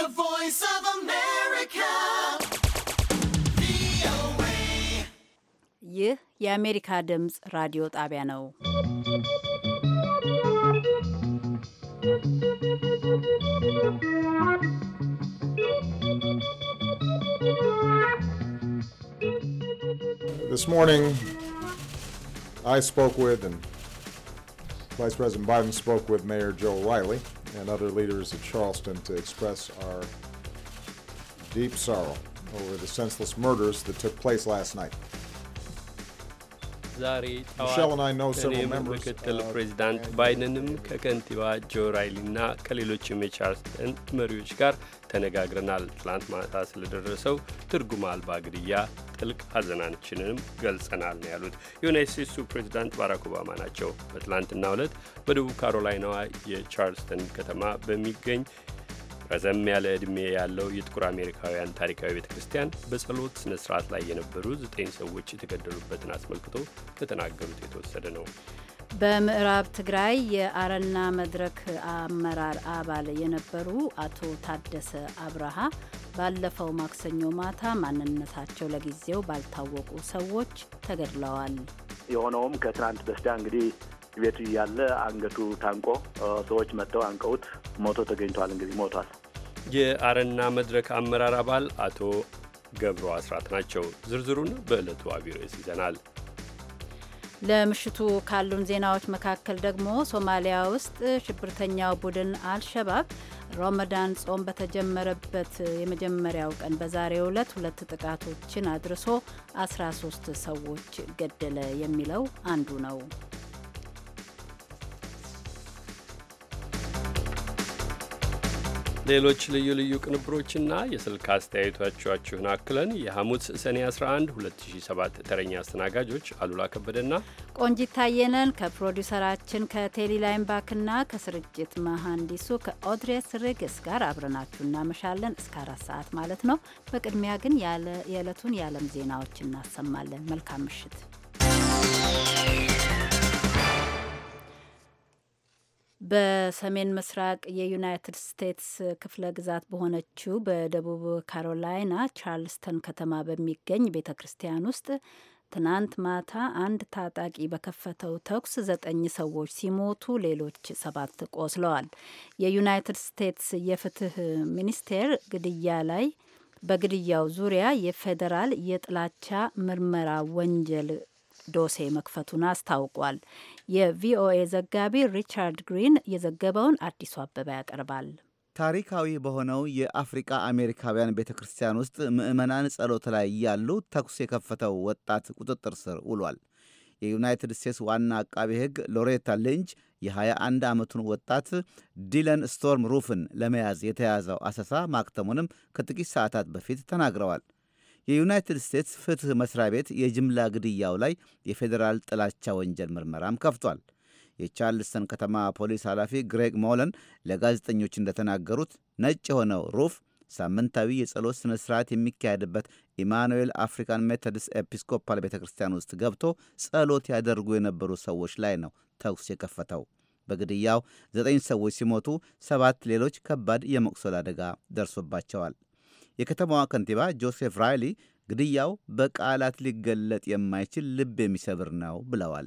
The Voice of America. ይህ የአሜሪካ ድምፅ ራዲዮ ጣቢያ ነው። This morning, I spoke with and Vice President Biden spoke with Mayor Joe Riley and other leaders of Charleston to express our deep sorrow over the senseless murders that took place last night. ዛሬ ጠዋት ምክትል ፕሬዚዳንት ባይደንም ከከንቲባ ጆ ራይሊና ከሌሎች የሜቻርስተን መሪዎች ጋር ተነጋግረናል። ትላንት ማታ ስለደረሰው ትርጉም አልባ ግድያ ጥልቅ ሐዘናችንንም ገልጸናል ነው ያሉት የዩናይት ስቴትሱ ፕሬዚዳንት ባራክ ኦባማ ናቸው። በትላንትናው ዕለት በደቡብ ካሮላይናዋ የቻርልስተን ከተማ በሚገኝ ረዘም ያለ ዕድሜ ያለው የጥቁር አሜሪካውያን ታሪካዊ ቤተ ክርስቲያን በጸሎት ስነ ስርዓት ላይ የነበሩ ዘጠኝ ሰዎች የተገደሉበትን አስመልክቶ ከተናገሩት የተወሰደ ነው። በምዕራብ ትግራይ የአረና መድረክ አመራር አባል የነበሩ አቶ ታደሰ አብርሃ ባለፈው ማክሰኞ ማታ ማንነታቸው ለጊዜው ባልታወቁ ሰዎች ተገድለዋል። የሆነውም ከትናንት በስቲያ እንግዲህ ቤቱ እያለ አንገቱ ታንቆ ሰዎች መጥተው አንቀውት ሞቶ ተገኝቷል። እንግዲህ ሞቷል። የአረና መድረክ አመራር አባል አቶ ገብሩ አስራት ናቸው። ዝርዝሩን በዕለቱ አቢሮስ ይዘናል። ለምሽቱ ካሉን ዜናዎች መካከል ደግሞ ሶማሊያ ውስጥ ሽብርተኛው ቡድን አልሸባብ ሮመዳን ጾም በተጀመረበት የመጀመሪያው ቀን በዛሬው ዕለት ሁለት ጥቃቶችን አድርሶ 13 ሰዎች ገደለ የሚለው አንዱ ነው። ሌሎች ልዩ ልዩ ቅንብሮችና የስልክ አስተያየቶቻችሁን አክለን የሐሙስ ሰኔ 11 2007 ተረኛ አስተናጋጆች አሉላ ከበደና ቆንጂት ታየነን ከፕሮዲውሰራችን ከቴሊ ላይምባክና ከስርጭት መሐንዲሱ ከኦድሬስ ሪግስ ጋር አብረናችሁ እናመሻለን እስከ አራት ሰዓት ማለት ነው። በቅድሚያ ግን የዕለቱን የዓለም ዜናዎች እናሰማለን። መልካም ምሽት። በሰሜን ምስራቅ የዩናይትድ ስቴትስ ክፍለ ግዛት በሆነችው በደቡብ ካሮላይና ቻርልስተን ከተማ በሚገኝ ቤተ ክርስቲያን ውስጥ ትናንት ማታ አንድ ታጣቂ በከፈተው ተኩስ ዘጠኝ ሰዎች ሲሞቱ ሌሎች ሰባት ቆስለዋል። የዩናይትድ ስቴትስ የፍትህ ሚኒስቴር ግድያ ላይ በግድያው ዙሪያ የፌዴራል የጥላቻ ምርመራ ወንጀል ዶሴ መክፈቱን አስታውቋል። የቪኦኤ ዘጋቢ ሪቻርድ ግሪን የዘገበውን አዲሱ አበባ ያቀርባል። ታሪካዊ በሆነው የአፍሪቃ አሜሪካውያን ቤተ ክርስቲያን ውስጥ ምዕመናን ጸሎት ላይ ያሉ ተኩስ የከፈተው ወጣት ቁጥጥር ስር ውሏል። የዩናይትድ ስቴትስ ዋና አቃቢ ሕግ ሎሬታ ሊንች የ21 ዓመቱን ወጣት ዲለን ስቶርም ሩፍን ለመያዝ የተያዘው አሰሳ ማክተሙንም ከጥቂት ሰዓታት በፊት ተናግረዋል። የዩናይትድ ስቴትስ ፍትሕ መስሪያ ቤት የጅምላ ግድያው ላይ የፌዴራል ጥላቻ ወንጀል ምርመራም ከፍቷል። የቻርልስተን ከተማ ፖሊስ ኃላፊ ግሬግ ሞለን ለጋዜጠኞች እንደተናገሩት ነጭ የሆነው ሩፍ ሳምንታዊ የጸሎት ሥነ ሥርዓት የሚካሄድበት ኢማኑኤል አፍሪካን ሜቶዲስት ኤጲስኮፓል ቤተ ክርስቲያን ውስጥ ገብቶ ጸሎት ያደርጉ የነበሩ ሰዎች ላይ ነው ተኩስ የከፈተው። በግድያው ዘጠኝ ሰዎች ሲሞቱ ሰባት ሌሎች ከባድ የመቁሰል አደጋ ደርሶባቸዋል። የከተማዋ ከንቲባ ጆሴፍ ራይሊ ግድያው በቃላት ሊገለጥ የማይችል ልብ የሚሰብር ነው ብለዋል።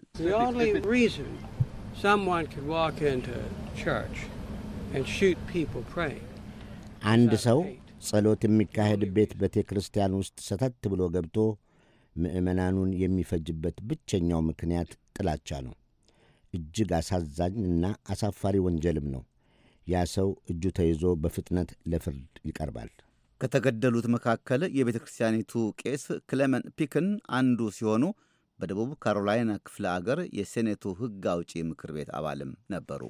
አንድ ሰው ጸሎት የሚካሄድ ቤት ቤተ ክርስቲያን ውስጥ ሰተት ብሎ ገብቶ ምዕመናኑን የሚፈጅበት ብቸኛው ምክንያት ጥላቻ ነው። እጅግ አሳዛኝ እና አሳፋሪ ወንጀልም ነው። ያ ሰው እጁ ተይዞ በፍጥነት ለፍርድ ይቀርባል። ከተገደሉት መካከል የቤተ ክርስቲያኒቱ ቄስ ክሌመን ፒክን አንዱ ሲሆኑ በደቡብ ካሮላይና ክፍለ አገር የሴኔቱ ሕግ አውጪ ምክር ቤት አባልም ነበሩ።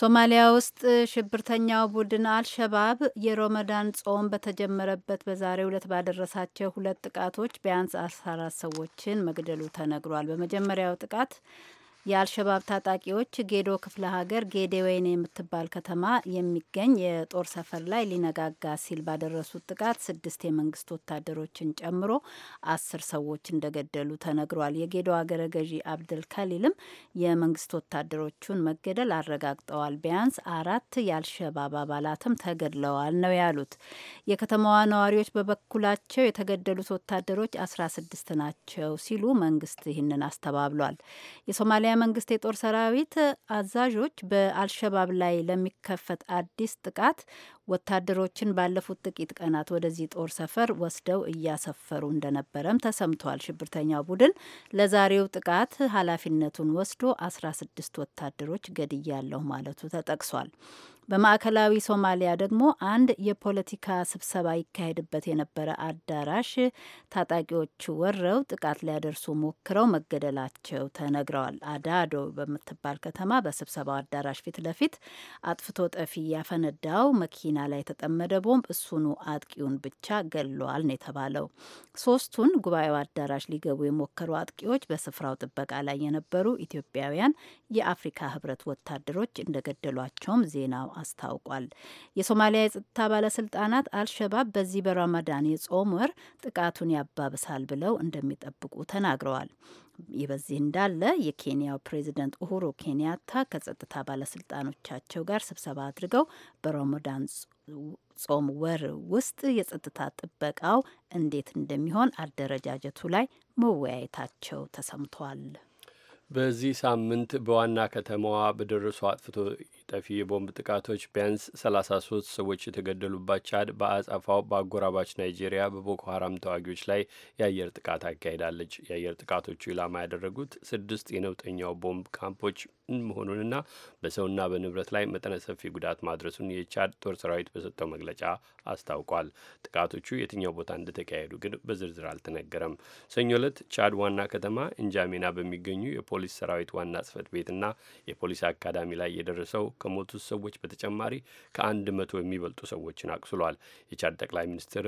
ሶማሊያ ውስጥ ሽብርተኛው ቡድን አልሸባብ የሮመዳን ጾም በተጀመረበት በዛሬው ዕለት ባደረሳቸው ሁለት ጥቃቶች ቢያንስ አስራ አራት ሰዎችን መግደሉ ተነግሯል። በመጀመሪያው ጥቃት የአልሸባብ ታጣቂዎች ጌዶ ክፍለ ሀገር ጌዴ ወይን የምትባል ከተማ የሚገኝ የጦር ሰፈር ላይ ሊነጋጋ ሲል ባደረሱት ጥቃት ስድስት የመንግስት ወታደሮችን ጨምሮ አስር ሰዎች እንደገደሉ ተነግሯል። የጌዶ አገረ ገዢ አብድል ከሊልም የመንግስት ወታደሮቹን መገደል አረጋግጠዋል። ቢያንስ አራት የአልሸባብ አባላትም ተገድለዋል ነው ያሉት። የከተማዋ ነዋሪዎች በበኩላቸው የተገደሉት ወታደሮች አስራ ስድስት ናቸው ሲሉ መንግስት ይህንን አስተባብሏል። የሶማሊያ የሶማሊያ መንግስት የጦር ሰራዊት አዛዦች በአልሸባብ ላይ ለሚከፈት አዲስ ጥቃት ወታደሮችን ባለፉት ጥቂት ቀናት ወደዚህ ጦር ሰፈር ወስደው እያሰፈሩ እንደነበረም ተሰምቷል። ሽብርተኛው ቡድን ለዛሬው ጥቃት ኃላፊነቱን ወስዶ አስራ ስድስት ወታደሮች ገድያለሁ ማለቱ ተጠቅሷል። በማዕከላዊ ሶማሊያ ደግሞ አንድ የፖለቲካ ስብሰባ ይካሄድበት የነበረ አዳራሽ ታጣቂዎቹ ወረው ጥቃት ሊያደርሱ ሞክረው መገደላቸው ተነግረዋል። አዳዶ በምትባል ከተማ በስብሰባው አዳራሽ ፊት ለፊት አጥፍቶ ጠፊ ያፈነዳው መኪና ላይ የተጠመደ ቦምብ እሱኑ አጥቂውን ብቻ ገሏል ነው የተባለው። ሶስቱን ጉባኤው አዳራሽ ሊገቡ የሞከሩ አጥቂዎች በስፍራው ጥበቃ ላይ የነበሩ ኢትዮጵያውያን የአፍሪካ ሕብረት ወታደሮች እንደገደሏቸውም ዜናው አስታውቋል። የሶማሊያ የጸጥታ ባለስልጣናት አልሸባብ በዚህ በረመዳን የጾም ወር ጥቃቱን ያባብሳል ብለው እንደሚጠብቁ ተናግረዋል። ይህ በዚህ እንዳለ የኬንያው ፕሬዚደንት ኡሁሩ ኬንያታ ከጸጥታ ባለስልጣኖቻቸው ጋር ስብሰባ አድርገው በረመዳን ጾም ወር ውስጥ የጸጥታ ጥበቃው እንዴት እንደሚሆን አደረጃጀቱ ላይ መወያየታቸው ተሰምቷል። በዚህ ሳምንት በዋና ከተማዋ በደረሱ አጥፍቶ ጠፊ የቦምብ ጥቃቶች ቢያንስ 33 ሰዎች የተገደሉባት ቻድ በአጸፋው በአጎራባች ናይጄሪያ በቦኮ ሀራም ተዋጊዎች ላይ የአየር ጥቃት አካሂዳለች። የአየር ጥቃቶቹ ኢላማ ያደረጉት ስድስት የነውጠኛው ቦምብ ካምፖች መሆኑንና በሰውና በንብረት ላይ መጠነ ሰፊ ጉዳት ማድረሱን የቻድ ጦር ሰራዊት በሰጠው መግለጫ አስታውቋል። ጥቃቶቹ የትኛው ቦታ እንደተካሄዱ ግን በዝርዝር አልተነገረም። ሰኞ ዕለት ቻድ ዋና ከተማ እንጃሜና በሚገኙ የፖሊስ ሰራዊት ዋና ጽህፈት ቤትና የፖሊስ አካዳሚ ላይ የደረሰው ከሞቱት ሰዎች በተጨማሪ ከአንድ መቶ የሚበልጡ ሰዎችን አቁስሏል። የቻድ ጠቅላይ ሚኒስትር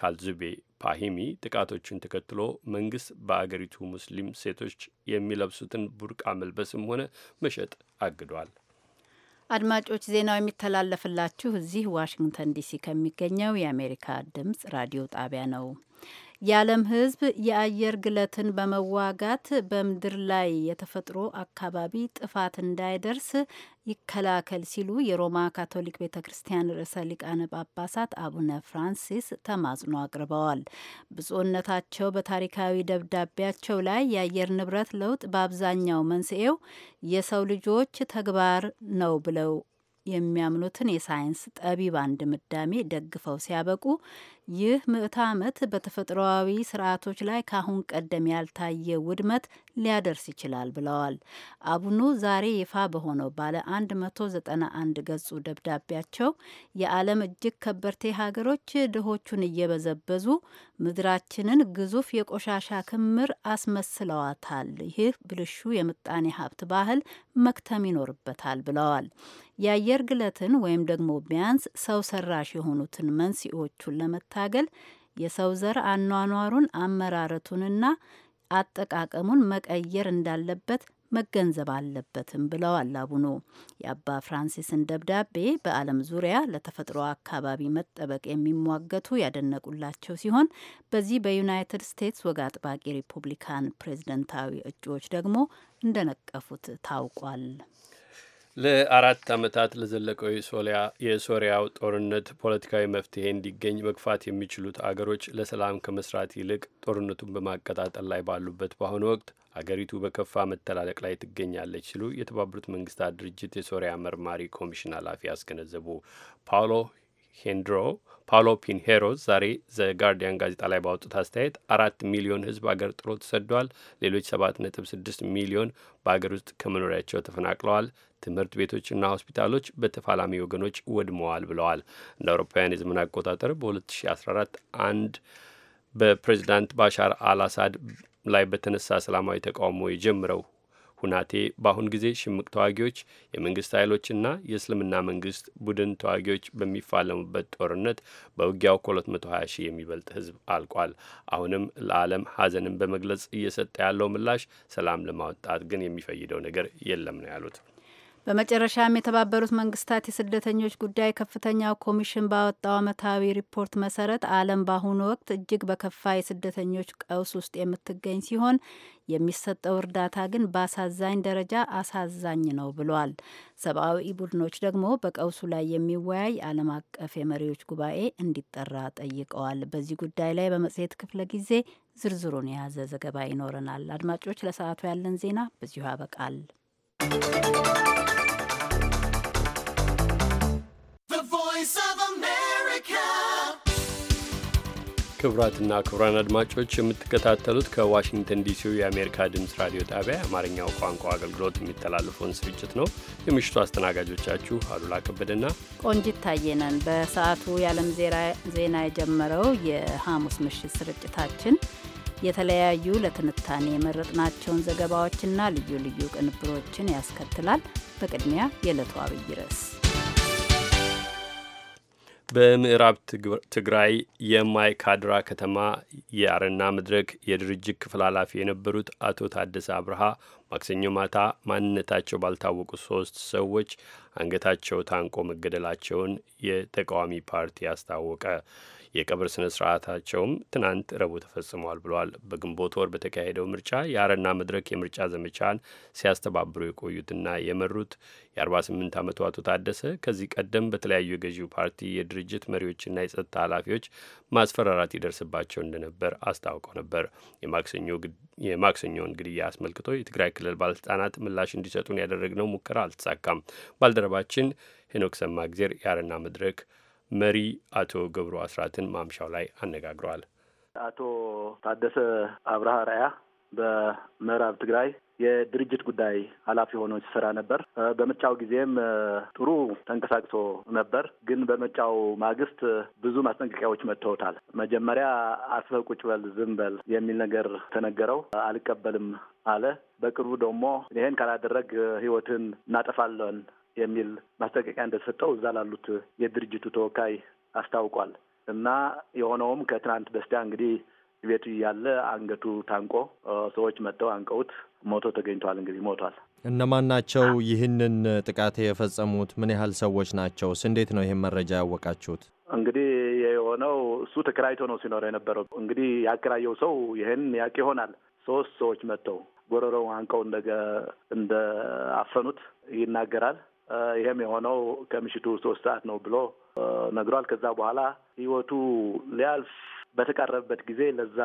ካልዙቤ ፓሂሚ ጥቃቶቹን ተከትሎ መንግስት በአገሪቱ ሙስሊም ሴቶች የሚለብሱትን ቡርቃ መልበስም ሆነ መሸጥ አግዷል። አድማጮች ዜናው የሚተላለፍላችሁ እዚህ ዋሽንግተን ዲሲ ከሚገኘው የአሜሪካ ድምጽ ራዲዮ ጣቢያ ነው። የዓለም ሕዝብ የአየር ግለትን በመዋጋት በምድር ላይ የተፈጥሮ አካባቢ ጥፋት እንዳይደርስ ይከላከል ሲሉ የሮማ ካቶሊክ ቤተ ክርስቲያን ርዕሰ ሊቃነ ጳጳሳት አቡነ ፍራንሲስ ተማጽኖ አቅርበዋል። ብፁዕነታቸው በታሪካዊ ደብዳቤያቸው ላይ የአየር ንብረት ለውጥ በአብዛኛው መንስኤው የሰው ልጆች ተግባር ነው ብለው የሚያምኑትን የሳይንስ ጠቢባን ድምዳሜ ደግፈው ሲያበቁ ይህ ምዕተ ዓመት በተፈጥሮዊ ስርዓቶች ላይ ካሁን ቀደም ያልታየ ውድመት ሊያደርስ ይችላል ብለዋል። አቡኑ ዛሬ ይፋ በሆነው ባለ 191 ገጹ ደብዳቤያቸው የዓለም እጅግ ከበርቴ ሀገሮች ድሆቹን እየበዘበዙ ምድራችንን ግዙፍ የቆሻሻ ክምር አስመስለዋታል። ይህ ብልሹ የምጣኔ ሀብት ባህል መክተም ይኖርበታል ብለዋል። የአየር ግለትን ወይም ደግሞ ቢያንስ ሰው ሰራሽ የሆኑትን መንስኤዎቹን ለመ ለመታገል የሰው ዘር አኗኗሩን አመራረቱንና አጠቃቀሙን መቀየር እንዳለበት መገንዘብ አለበትም ብለዋል አቡኑ። የአባ ፍራንሲስን ደብዳቤ በዓለም ዙሪያ ለተፈጥሮ አካባቢ መጠበቅ የሚሟገቱ ያደነቁላቸው ሲሆን በዚህ በዩናይትድ ስቴትስ ወግ አጥባቂ ሪፑብሊካን ፕሬዝደንታዊ እጩዎች ደግሞ እንደነቀፉት ታውቋል። ለአራት ዓመታት ለዘለቀው የሶሪያው ጦርነት ፖለቲካዊ መፍትሄ እንዲገኝ መግፋት የሚችሉት አገሮች ለሰላም ከመስራት ይልቅ ጦርነቱን በማቀጣጠል ላይ ባሉበት በአሁኑ ወቅት አገሪቱ በከፋ መተላለቅ ላይ ትገኛለች ሲሉ የተባበሩት መንግስታት ድርጅት የሶሪያ መርማሪ ኮሚሽን ኃላፊ አስገነዘቡ። ፓውሎ ሄንድሮ ፓውሎ ፒንሄሮ ዛሬ ዘ ጋርዲያን ጋዜጣ ላይ ባወጡት አስተያየት አራት ሚሊዮን ህዝብ አገር ጥሎ ተሰዷል። ሌሎች ሰባት ነጥብ ስድስት ሚሊዮን በአገር ውስጥ ከመኖሪያቸው ተፈናቅለዋል። ትምህርት ቤቶችና ሆስፒታሎች በተፋላሚ ወገኖች ወድመዋል ብለዋል። እንደ አውሮፓውያን የዘመን አቆጣጠር በ2014 አንድ በፕሬዚዳንት ባሻር አልአሳድ ላይ በተነሳ ሰላማዊ ተቃውሞ የጀመረው ሁናቴ በአሁን ጊዜ ሽምቅ ተዋጊዎች፣ የመንግስት ኃይሎችና የእስልምና መንግስት ቡድን ተዋጊዎች በሚፋለሙበት ጦርነት በውጊያው ከ220 ሺህ የሚበልጥ ህዝብ አልቋል። አሁንም ለዓለም ሀዘንን በመግለጽ እየሰጠ ያለው ምላሽ ሰላም ለማውጣት ግን የሚፈይደው ነገር የለም ነው ያሉት። በመጨረሻም የተባበሩት መንግስታት የስደተኞች ጉዳይ ከፍተኛው ኮሚሽን ባወጣው ዓመታዊ ሪፖርት መሰረት ዓለም በአሁኑ ወቅት እጅግ በከፋ የስደተኞች ቀውስ ውስጥ የምትገኝ ሲሆን የሚሰጠው እርዳታ ግን በአሳዛኝ ደረጃ አሳዛኝ ነው ብሏል። ሰብአዊ ቡድኖች ደግሞ በቀውሱ ላይ የሚወያይ ዓለም አቀፍ የመሪዎች ጉባኤ እንዲጠራ ጠይቀዋል። በዚህ ጉዳይ ላይ በመጽሔት ክፍለ ጊዜ ዝርዝሩን የያዘ ዘገባ ይኖረናል። አድማጮች፣ ለሰዓቱ ያለን ዜና በዚሁ ያበቃል። ክቡራትና ክቡራን አድማጮች የምትከታተሉት ከዋሽንግተን ዲሲው የአሜሪካ ድምፅ ራዲዮ ጣቢያ የአማርኛው ቋንቋ አገልግሎት የሚተላለፈውን ስርጭት ነው። የምሽቱ አስተናጋጆቻችሁ አሉላ ከበደና ቆንጂት ታየነን። በሰዓቱ የዓለም ዜና የጀመረው የሐሙስ ምሽት ስርጭታችን የተለያዩ ለትንታኔ የመረጥናቸውን ዘገባዎችና ልዩ ልዩ ቅንብሮችን ያስከትላል። በቅድሚያ የዕለቱ አብይ ርዕስ በምዕራብ ትግራይ የማይካድራ ከተማ የአረና መድረክ የድርጅት ክፍል ኃላፊ የነበሩት አቶ ታደሰ አብርሃ ማክሰኞ ማታ ማንነታቸው ባልታወቁ ሶስት ሰዎች አንገታቸው ታንቆ መገደላቸውን የተቃዋሚ ፓርቲ አስታወቀ። የቀብር ስነ ስርዓታቸውም ትናንት ረቡዕ ተፈጽሟል ብሏል። በግንቦት ወር በተካሄደው ምርጫ የአረና መድረክ የምርጫ ዘመቻን ሲያስተባብሩ የቆዩትና የመሩት የ48 ዓመቱ አቶ ታደሰ ከዚህ ቀደም በተለያዩ የገዢው ፓርቲ የድርጅት መሪዎችና የጸጥታ ኃላፊዎች ማስፈራራት ይደርስባቸው እንደነበር አስታውቀው ነበር። የማክሰኞውን ግድያ አስመልክቶ የትግራይ ክልል ባለስልጣናት ምላሽ እንዲሰጡን ያደረግነው ሙከራ አልተሳካም። ባልደረባችን ሄኖክ ሰማ ግዜር የአረና መድረክ መሪ አቶ ገብሩ አስራትን ማምሻው ላይ አነጋግረዋል። አቶ ታደሰ አብርሃ ራያ በምዕራብ ትግራይ የድርጅት ጉዳይ ኃላፊ ሆኖ ሲሰራ ነበር። በምርጫው ጊዜም ጥሩ ተንቀሳቅሶ ነበር። ግን በምርጫው ማግስት ብዙ ማስጠንቀቂያዎች መጥተውታል። መጀመሪያ አስበህ ቁጭ በል፣ ዝም በል የሚል ነገር ተነገረው። አልቀበልም አለ። በቅርቡ ደግሞ ይሄን ካላደረግ ህይወትን እናጠፋለን የሚል ማስጠንቀቂያ እንደተሰጠው እዛ ላሉት የድርጅቱ ተወካይ አስታውቋል። እና የሆነውም ከትናንት በስቲያ እንግዲህ ቤቱ እያለ አንገቱ ታንቆ ሰዎች መጥተው አንቀውት ሞቶ ተገኝቷል። እንግዲህ ሞቷል። እነማን ናቸው ይህንን ጥቃት የፈጸሙት? ምን ያህል ሰዎች ናቸው? እንዴት ነው ይህን መረጃ ያወቃችሁት? እንግዲህ የሆነው እሱ ተከራይቶ ነው ሲኖር የነበረው። እንግዲህ ያከራየው ሰው ይህን ያውቅ ይሆናል። ሶስት ሰዎች መጥተው ጎረሮውን አንቀው እንደ እንደ አፈኑት ይናገራል። ይሄም የሆነው ከምሽቱ ሶስት ሰዓት ነው ብሎ ነግሯል። ከዛ በኋላ ህይወቱ ሊያልፍ በተቃረበበት ጊዜ ለዛ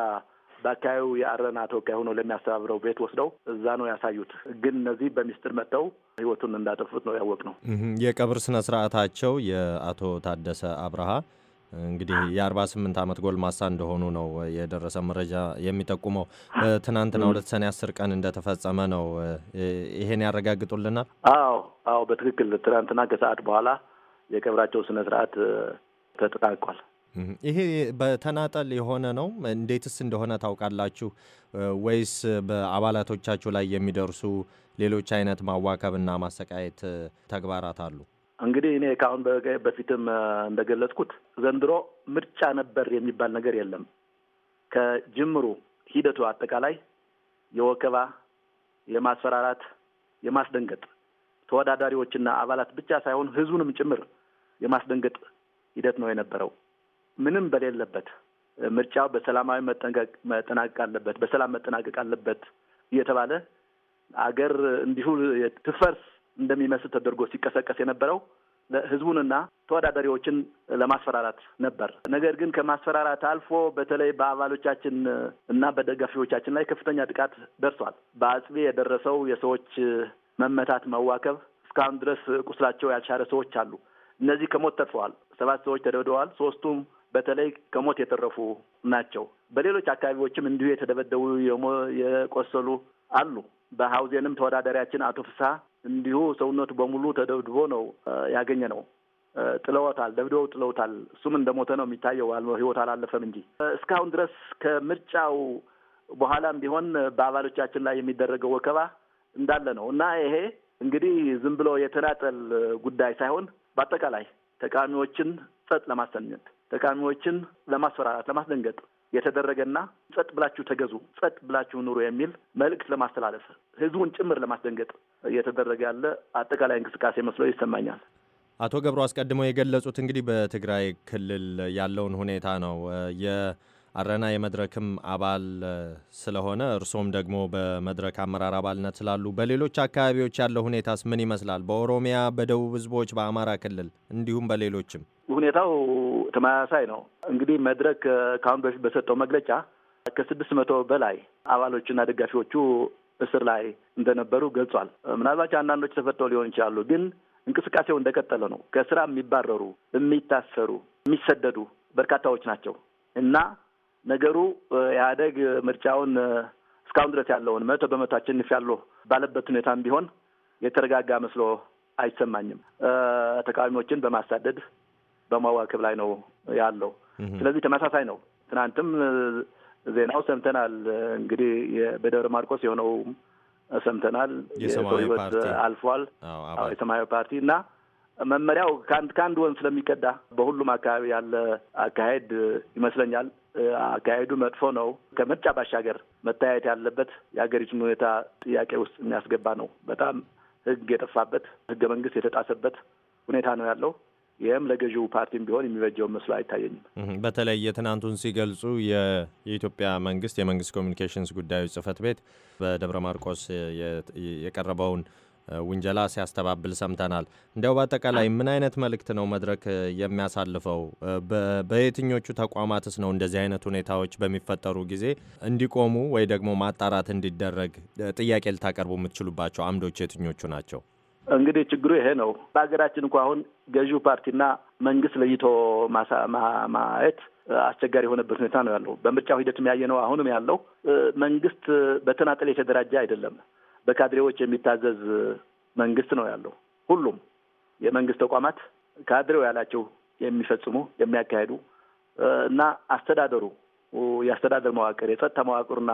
በአካባቢው የአረና ተወካይ ሆኖ ለሚያስተባብረው ቤት ወስደው እዛ ነው ያሳዩት። ግን እነዚህ በሚስጥር መጥተው ህይወቱን እንዳጠፉት ነው ያወቅ ነው። የቀብር ስነ ስርዓታቸው የአቶ ታደሰ አብርሃ እንግዲህ የ48 ዓመት ጎልማሳ እንደሆኑ ነው የደረሰ መረጃ የሚጠቁመው። በትናንትና ሁለት ሰኔ አስር ቀን እንደተፈጸመ ነው። ይሄን ያረጋግጡልናል? አዎ፣ አዎ፣ በትክክል ትናንትና ከሰዓት በኋላ የቀብራቸው ስነ ስርዓት ተጠናቋል። ይሄ በተናጠል የሆነ ነው? እንዴትስ እንደሆነ ታውቃላችሁ ወይስ በአባላቶቻችሁ ላይ የሚደርሱ ሌሎች አይነት ማዋከብና ማሰቃየት ተግባራት አሉ? እንግዲህ እኔ ከአሁን በፊትም እንደገለጽኩት ዘንድሮ ምርጫ ነበር የሚባል ነገር የለም። ከጅምሩ ሂደቱ አጠቃላይ የወከባ፣ የማስፈራራት፣ የማስደንገጥ ተወዳዳሪዎችና አባላት ብቻ ሳይሆን ህዝቡንም ጭምር የማስደንገጥ ሂደት ነው የነበረው። ምንም በሌለበት ምርጫው በሰላማዊ መጠናቀቅ አለበት፣ በሰላም መጠናቀቅ አለበት እየተባለ አገር እንዲሁ ትፈርስ እንደሚመስል ተደርጎ ሲቀሰቀስ የነበረው ህዝቡንና ተወዳዳሪዎችን ለማስፈራራት ነበር። ነገር ግን ከማስፈራራት አልፎ በተለይ በአባሎቻችን እና በደጋፊዎቻችን ላይ ከፍተኛ ጥቃት ደርሷል። በአጽቤ የደረሰው የሰዎች መመታት፣ መዋከብ እስካሁን ድረስ ቁስላቸው ያልሻረ ሰዎች አሉ። እነዚህ ከሞት ተርፈዋል። ሰባት ሰዎች ተደብደዋል። ሶስቱም በተለይ ከሞት የተረፉ ናቸው። በሌሎች አካባቢዎችም እንዲሁ የተደበደቡ የቆሰሉ አሉ። በሀውዜንም ተወዳዳሪያችን አቶ ፍስሀ እንዲሁ ሰውነቱ በሙሉ ተደብድቦ ነው ያገኘ ነው። ጥለወታል፣ ደብድበው ጥለውታል። እሱም እንደሞተ ነው የሚታየው፣ ህይወት አላለፈም እንጂ እስካሁን ድረስ ከምርጫው በኋላም ቢሆን በአባሎቻችን ላይ የሚደረገው ወከባ እንዳለ ነው እና ይሄ እንግዲህ ዝም ብሎ የተናጠል ጉዳይ ሳይሆን በአጠቃላይ ተቃዋሚዎችን ጸጥ ለማሰኘት ተቃዋሚዎችን ለማስፈራራት፣ ለማስደንገጥ የተደረገና ጸጥ ብላችሁ ተገዙ፣ ጸጥ ብላችሁ ኑሩ የሚል መልእክት ለማስተላለፍ ህዝቡን ጭምር ለማስደንገጥ እየተደረገ ያለ አጠቃላይ እንቅስቃሴ መስሎ ይሰማኛል። አቶ ገብሩ አስቀድመው የገለጹት እንግዲህ በትግራይ ክልል ያለውን ሁኔታ ነው። የአረና የመድረክም አባል ስለሆነ እርሶም ደግሞ በመድረክ አመራር አባልነት ስላሉ በሌሎች አካባቢዎች ያለው ሁኔታስ ምን ይመስላል? በኦሮሚያ፣ በደቡብ ህዝቦች፣ በአማራ ክልል እንዲሁም በሌሎችም ሁኔታው ተመሳሳይ ነው። እንግዲህ መድረክ ከአሁን በፊት በሰጠው መግለጫ ከስድስት መቶ በላይ አባሎችና ደጋፊዎቹ እስር ላይ እንደነበሩ ገልጿል። ምናልባት አንዳንዶች ተፈተው ሊሆን ይችላሉ፣ ግን እንቅስቃሴው እንደቀጠለ ነው። ከስራ የሚባረሩ የሚታሰሩ፣ የሚሰደዱ በርካታዎች ናቸው እና ነገሩ ኢህአደግ ምርጫውን እስካሁን ድረስ ያለውን መቶ በመቶ አሸንፊያለሁ ባለበት ሁኔታም ቢሆን የተረጋጋ መስሎ አይሰማኝም። ተቃዋሚዎችን በማሳደድ በማዋከብ ላይ ነው ያለው። ስለዚህ ተመሳሳይ ነው ትናንትም ዜናው ሰምተናል። እንግዲህ በደብረ ማርቆስ የሆነው ሰምተናል። የሰው ህይወት አልፏል። የሰማያዊ ፓርቲ እና መመሪያው ከአንድ ከአንድ ወንዝ ስለሚቀዳ በሁሉም አካባቢ ያለ አካሄድ ይመስለኛል። አካሄዱ መጥፎ ነው። ከምርጫ ባሻገር መታየት ያለበት የሀገሪቱን ሁኔታ ጥያቄ ውስጥ የሚያስገባ ነው። በጣም ህግ የጠፋበት ህገ መንግስት የተጣሰበት ሁኔታ ነው ያለው። ይህም ለገዢው ፓርቲም ቢሆን የሚበጀው መስሎ አይታየኝም። በተለይ የትናንቱን ሲገልጹ የኢትዮጵያ መንግስት የመንግስት ኮሚኒኬሽንስ ጉዳዮች ጽህፈት ቤት በደብረ ማርቆስ የቀረበውን ውንጀላ ሲያስተባብል ሰምተናል። እንዲያው በአጠቃላይ ምን አይነት መልእክት ነው መድረክ የሚያሳልፈው? በየትኞቹ ተቋማትስ ነው እንደዚህ አይነት ሁኔታዎች በሚፈጠሩ ጊዜ እንዲቆሙ ወይ ደግሞ ማጣራት እንዲደረግ ጥያቄ ልታቀርቡ የምትችሉባቸው አምዶች የትኞቹ ናቸው? እንግዲህ ችግሩ ይሄ ነው። በሀገራችን እንኳ አሁን ገዢው ፓርቲና መንግስት ለይቶ ማየት አስቸጋሪ የሆነበት ሁኔታ ነው ያለው። በምርጫው ሂደትም ያየነው አሁንም ያለው መንግስት በተናጠል የተደራጀ አይደለም። በካድሬዎች የሚታዘዝ መንግስት ነው ያለው። ሁሉም የመንግስት ተቋማት ካድሬው ያላቸው የሚፈጽሙ የሚያካሂዱ እና አስተዳደሩ የአስተዳደር መዋቅር የጸጥታ መዋቅሩና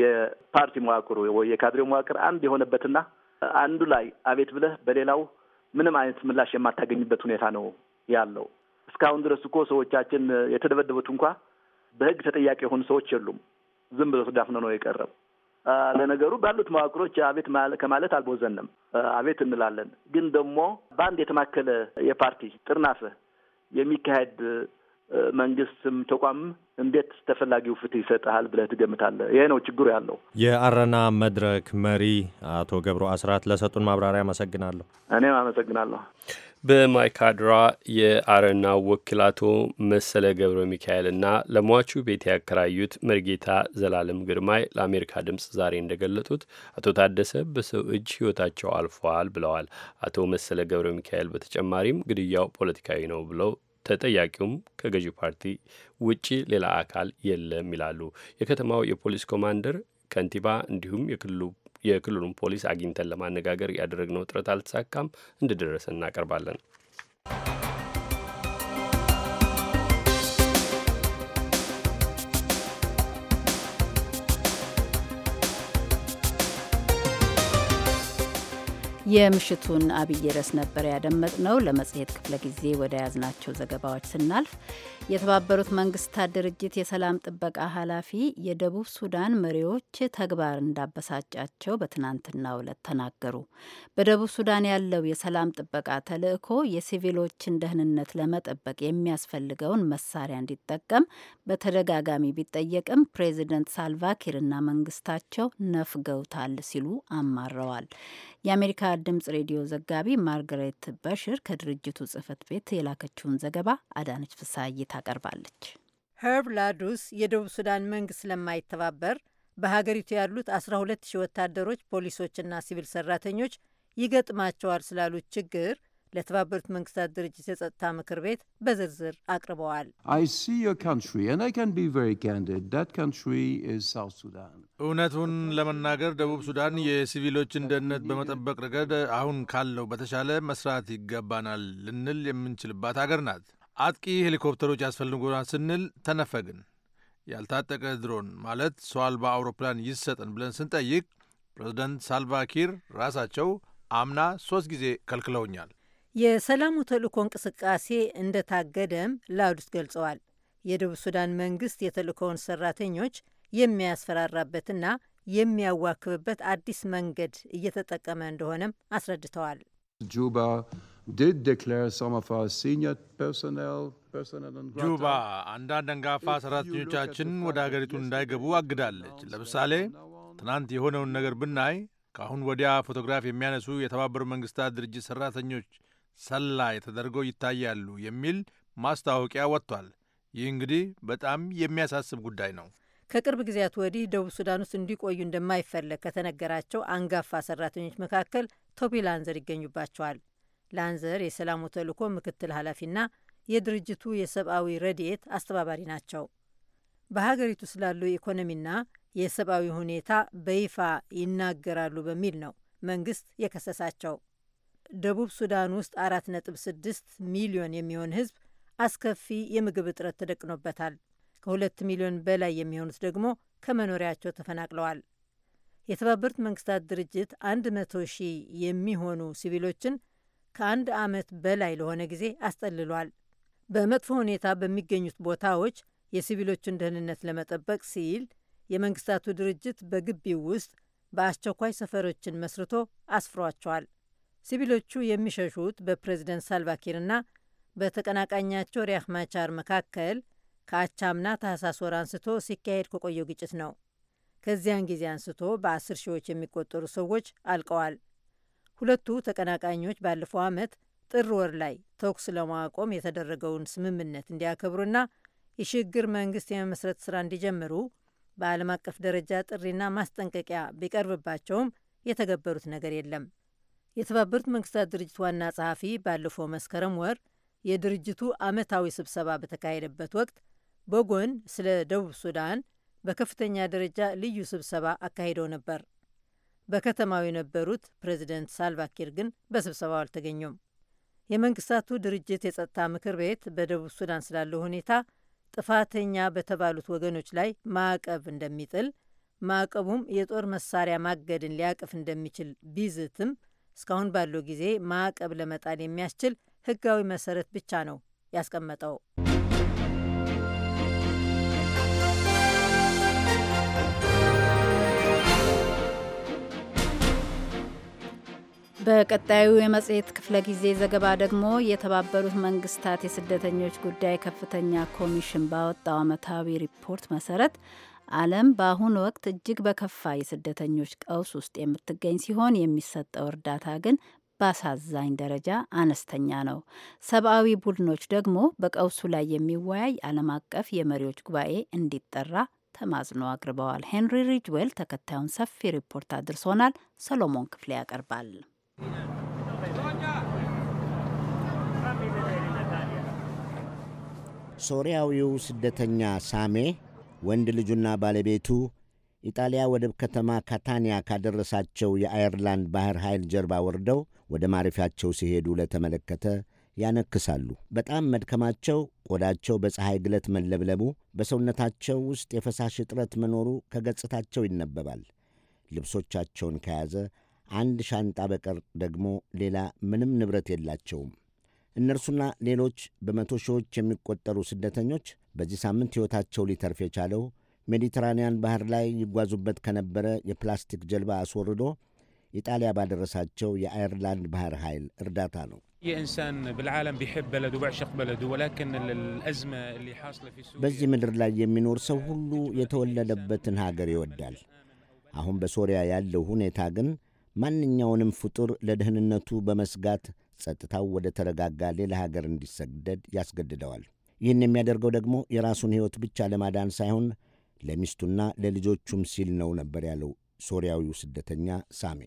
የፓርቲ መዋቅሩ ወይ የካድሬው መዋቅር አንድ የሆነበትና አንዱ ላይ አቤት ብለህ በሌላው ምንም አይነት ምላሽ የማታገኝበት ሁኔታ ነው ያለው። እስካሁን ድረስ እኮ ሰዎቻችን የተደበደቡት እንኳ በህግ ተጠያቂ የሆኑ ሰዎች የሉም። ዝም ብሎ ተዳፍነ ነው የቀረው። ለነገሩ ባሉት መዋቅሮች አቤት ከማለት አልቦዘንም፣ አቤት እንላለን። ግን ደግሞ በአንድ የተማከለ የፓርቲ ጥርናፈ የሚካሄድ መንግስትም ተቋምም እንዴት ተፈላጊው ፍትህ ይሰጥሃል ብለህ ትገምታለህ? ይሄ ነው ችግሩ ያለው። የአረና መድረክ መሪ አቶ ገብሩ አስራት ለሰጡን ማብራሪያ አመሰግናለሁ። እኔም አመሰግናለሁ። በማይካድራ የአረና ወኪል አቶ መሰለ ገብረ ሚካኤልና ለሟቹ ቤት ያከራዩት መርጌታ ዘላለም ግርማይ ለአሜሪካ ድምፅ ዛሬ እንደገለጡት አቶ ታደሰ በሰው እጅ ህይወታቸው አልፏል ብለዋል። አቶ መሰለ ገብረ ሚካኤል በተጨማሪም ግድያው ፖለቲካዊ ነው ብለው ተጠያቂውም ከገዢው ፓርቲ ውጪ ሌላ አካል የለም ይላሉ የከተማው የፖሊስ ኮማንደር ከንቲባ እንዲሁም የክልሉን ፖሊስ አግኝተን ለማነጋገር ያደረግነው ጥረት አልተሳካም። እንደደረሰ እናቀርባለን። የምሽቱን አብይ ርዕስ ነበር ያደመጥነው። ለመጽሔት ክፍለ ጊዜ ወደ ያዝናቸው ዘገባዎች ስናልፍ የተባበሩት መንግስታት ድርጅት የሰላም ጥበቃ ኃላፊ የደቡብ ሱዳን መሪዎች ተግባር እንዳበሳጫቸው በትናንትናው ዕለት ተናገሩ። በደቡብ ሱዳን ያለው የሰላም ጥበቃ ተልዕኮ የሲቪሎችን ደህንነት ለመጠበቅ የሚያስፈልገውን መሳሪያ እንዲጠቀም በተደጋጋሚ ቢጠየቅም ፕሬዚደንት ሳልቫኪርና መንግስታቸው ነፍገውታል ሲሉ አማረዋል። የአሜሪካ ድምጽ ሬዲዮ ዘጋቢ ማርግሬት በሽር ከድርጅቱ ጽህፈት ቤት የላከችውን ዘገባ አዳነች ፍሳይ ታቀርባለች። ሄርብ ላዱስ የደቡብ ሱዳን መንግስት ስለማይተባበር በሀገሪቱ ያሉት 12 ሺህ ወታደሮች፣ ፖሊሶችና ሲቪል ሰራተኞች ይገጥማቸዋል ስላሉት ችግር ለተባበሩት መንግስታት ድርጅት የጸጥታ ምክር ቤት በዝርዝር አቅርበዋል። እውነቱን ለመናገር ደቡብ ሱዳን የሲቪሎችን ደህንነት በመጠበቅ ረገድ አሁን ካለው በተሻለ መስራት ይገባናል ልንል የምንችልባት አገር ናት። አጥቂ ሄሊኮፕተሮች ያስፈልጉናል ስንል ተነፈግን። ያልታጠቀ ድሮን ማለት ሰው አልባ አውሮፕላን ይሰጠን ብለን ስንጠይቅ ፕሬዚደንት ሳልቫኪር ራሳቸው አምና ሶስት ጊዜ ከልክለውኛል። የሰላሙ ተልእኮ እንቅስቃሴ እንደታገደም ላውድስ ገልጸዋል። የደቡብ ሱዳን መንግስት የተልእኮውን ሰራተኞች የሚያስፈራራበትና የሚያዋክብበት አዲስ መንገድ እየተጠቀመ እንደሆነም አስረድተዋል። ጁባ አንዳንድ አንጋፋ ሰራተኞቻችን ወደ ሀገሪቱ እንዳይገቡ አግዳለች። ለምሳሌ ትናንት የሆነውን ነገር ብናይ ከአሁን ወዲያ ፎቶግራፍ የሚያነሱ የተባበሩ መንግስታት ድርጅት ሰራተኞች ሰላይ ተደርገው ይታያሉ የሚል ማስታወቂያ ወጥቷል። ይህ እንግዲህ በጣም የሚያሳስብ ጉዳይ ነው። ከቅርብ ጊዜያት ወዲህ ደቡብ ሱዳን ውስጥ እንዲቆዩ እንደማይፈለግ ከተነገራቸው አንጋፋ ሰራተኞች መካከል ቶቢ ላንዘር ይገኙባቸዋል። ላንዘር የሰላሙ ተልእኮ ምክትል ኃላፊና የድርጅቱ የሰብአዊ ረድኤት አስተባባሪ ናቸው። በሀገሪቱ ስላሉ የኢኮኖሚና የሰብአዊ ሁኔታ በይፋ ይናገራሉ በሚል ነው መንግስት የከሰሳቸው። ደቡብ ሱዳን ውስጥ ስድስት ሚሊዮን የሚሆን ህዝብ አስከፊ የምግብ እጥረት ተደቅኖበታል። ከሁለት ሚሊዮን በላይ የሚሆኑት ደግሞ ከመኖሪያቸው ተፈናቅለዋል። የተባበሩት መንግስታት ድርጅት መቶ ሺህ የሚሆኑ ሲቪሎችን ከአንድ ዓመት በላይ ለሆነ ጊዜ አስጠልሏል። በመጥፎ ሁኔታ በሚገኙት ቦታዎች የሲቪሎችን ደህንነት ለመጠበቅ ሲል የመንግስታቱ ድርጅት በግቢው ውስጥ በአስቸኳይ ሰፈሮችን መስርቶ አስፍሯቸዋል። ሲቪሎቹ የሚሸሹት በፕሬዝደንት ሳልቫኪርና በተቀናቃኛቸው ሪያክ ማቻር መካከል ከአቻምና ታህሳስ ወር አንስቶ ሲካሄድ ከቆየው ግጭት ነው። ከዚያን ጊዜ አንስቶ በአስር ሺዎች የሚቆጠሩ ሰዎች አልቀዋል። ሁለቱ ተቀናቃኞች ባለፈው ዓመት ጥር ወር ላይ ተኩስ ለማቆም የተደረገውን ስምምነት እንዲያከብሩና የሽግግር መንግስት የመመስረት ስራ እንዲጀምሩ በዓለም አቀፍ ደረጃ ጥሪና ማስጠንቀቂያ ቢቀርብባቸውም የተገበሩት ነገር የለም። የተባበሩት መንግስታት ድርጅት ዋና ጸሐፊ ባለፈው መስከረም ወር የድርጅቱ ዓመታዊ ስብሰባ በተካሄደበት ወቅት በጎን ስለ ደቡብ ሱዳን በከፍተኛ ደረጃ ልዩ ስብሰባ አካሂደው ነበር። በከተማው የነበሩት ፕሬዚደንት ሳልቫኪር ግን በስብሰባው አልተገኙም። የመንግስታቱ ድርጅት የጸጥታ ምክር ቤት በደቡብ ሱዳን ስላለው ሁኔታ ጥፋተኛ በተባሉት ወገኖች ላይ ማዕቀብ እንደሚጥል ማዕቀቡም የጦር መሳሪያ ማገድን ሊያቅፍ እንደሚችል ቢዝትም እስካሁን ባለው ጊዜ ማዕቀብ ለመጣል የሚያስችል ሕጋዊ መሰረት ብቻ ነው ያስቀመጠው። በቀጣዩ የመጽሔት ክፍለ ጊዜ ዘገባ ደግሞ የተባበሩት መንግስታት የስደተኞች ጉዳይ ከፍተኛ ኮሚሽን ባወጣው ዓመታዊ ሪፖርት መሰረት ዓለም በአሁኑ ወቅት እጅግ በከፋ የስደተኞች ቀውስ ውስጥ የምትገኝ ሲሆን የሚሰጠው እርዳታ ግን በአሳዛኝ ደረጃ አነስተኛ ነው። ሰብአዊ ቡድኖች ደግሞ በቀውሱ ላይ የሚወያይ ዓለም አቀፍ የመሪዎች ጉባኤ እንዲጠራ ተማጽኖ አቅርበዋል። ሄንሪ ሪጅዌል ተከታዩን ሰፊ ሪፖርት አድርሶናል። ሰሎሞን ክፍሌ ያቀርባል። ሶሪያዊው ስደተኛ ሳሜ ወንድ ልጁና ባለቤቱ ኢጣሊያ ወደብ ከተማ ካታንያ ካደረሳቸው የአየርላንድ ባህር ኃይል ጀርባ ወርደው ወደ ማረፊያቸው ሲሄዱ ለተመለከተ ያነክሳሉ። በጣም መድከማቸው፣ ቆዳቸው በፀሐይ ግለት መለብለቡ፣ በሰውነታቸው ውስጥ የፈሳሽ እጥረት መኖሩ ከገጽታቸው ይነበባል። ልብሶቻቸውን ከያዘ አንድ ሻንጣ በቀር ደግሞ ሌላ ምንም ንብረት የላቸውም። እነርሱና ሌሎች በመቶ ሺዎች የሚቆጠሩ ስደተኞች በዚህ ሳምንት ሕይወታቸው ሊተርፍ የቻለው ሜዲትራንያን ባህር ላይ ይጓዙበት ከነበረ የፕላስቲክ ጀልባ አስወርዶ ኢጣሊያ ባደረሳቸው የአየርላንድ ባህር ኃይል እርዳታ ነው። በዚህ ምድር ላይ የሚኖር ሰው ሁሉ የተወለደበትን ሀገር ይወዳል። አሁን በሶሪያ ያለው ሁኔታ ግን ማንኛውንም ፍጡር ለደህንነቱ በመስጋት ጸጥታው ወደ ተረጋጋ ሌላ ሀገር እንዲሰደድ ያስገድደዋል። ይህን የሚያደርገው ደግሞ የራሱን ሕይወት ብቻ ለማዳን ሳይሆን ለሚስቱና ለልጆቹም ሲል ነው ነበር ያለው ሶሪያዊው ስደተኛ ሳሜ።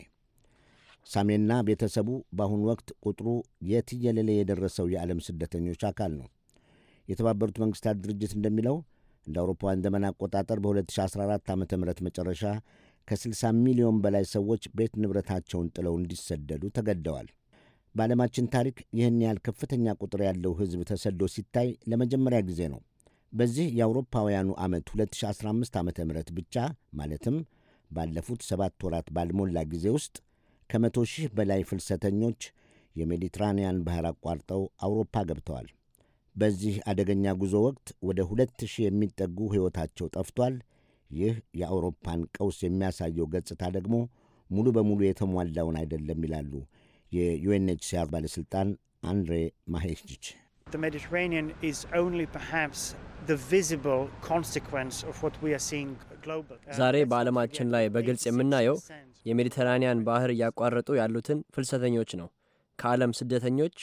ሳሜና ቤተሰቡ በአሁኑ ወቅት ቁጥሩ የትየለሌ የደረሰው የዓለም ስደተኞች አካል ነው። የተባበሩት መንግሥታት ድርጅት እንደሚለው እንደ አውሮፓውያን ዘመን አቆጣጠር በ2014 ዓ ም መጨረሻ ከ60 ሚሊዮን በላይ ሰዎች ቤት ንብረታቸውን ጥለው እንዲሰደዱ ተገደዋል። በዓለማችን ታሪክ ይህን ያህል ከፍተኛ ቁጥር ያለው ሕዝብ ተሰዶ ሲታይ ለመጀመሪያ ጊዜ ነው። በዚህ የአውሮፓውያኑ ዓመት 2015 ዓ ም ብቻ ማለትም ባለፉት ሰባት ወራት ባልሞላ ጊዜ ውስጥ ከመቶ ሺህ በላይ ፍልሰተኞች የሜዲትራንያን ባህር አቋርጠው አውሮፓ ገብተዋል። በዚህ አደገኛ ጉዞ ወቅት ወደ ሁለት ሺህ የሚጠጉ ሕይወታቸው ጠፍቷል። ይህ የአውሮፓን ቀውስ የሚያሳየው ገጽታ ደግሞ ሙሉ በሙሉ የተሟላውን አይደለም ይላሉ የዩኤንኤችሲአር ባለሥልጣን አንድሬ ማሄጅች ዛሬ በዓለማችን ላይ በግልጽ የምናየው የሜዲተራኒያን ባህር እያቋረጡ ያሉትን ፍልሰተኞች ነው። ከዓለም ስደተኞች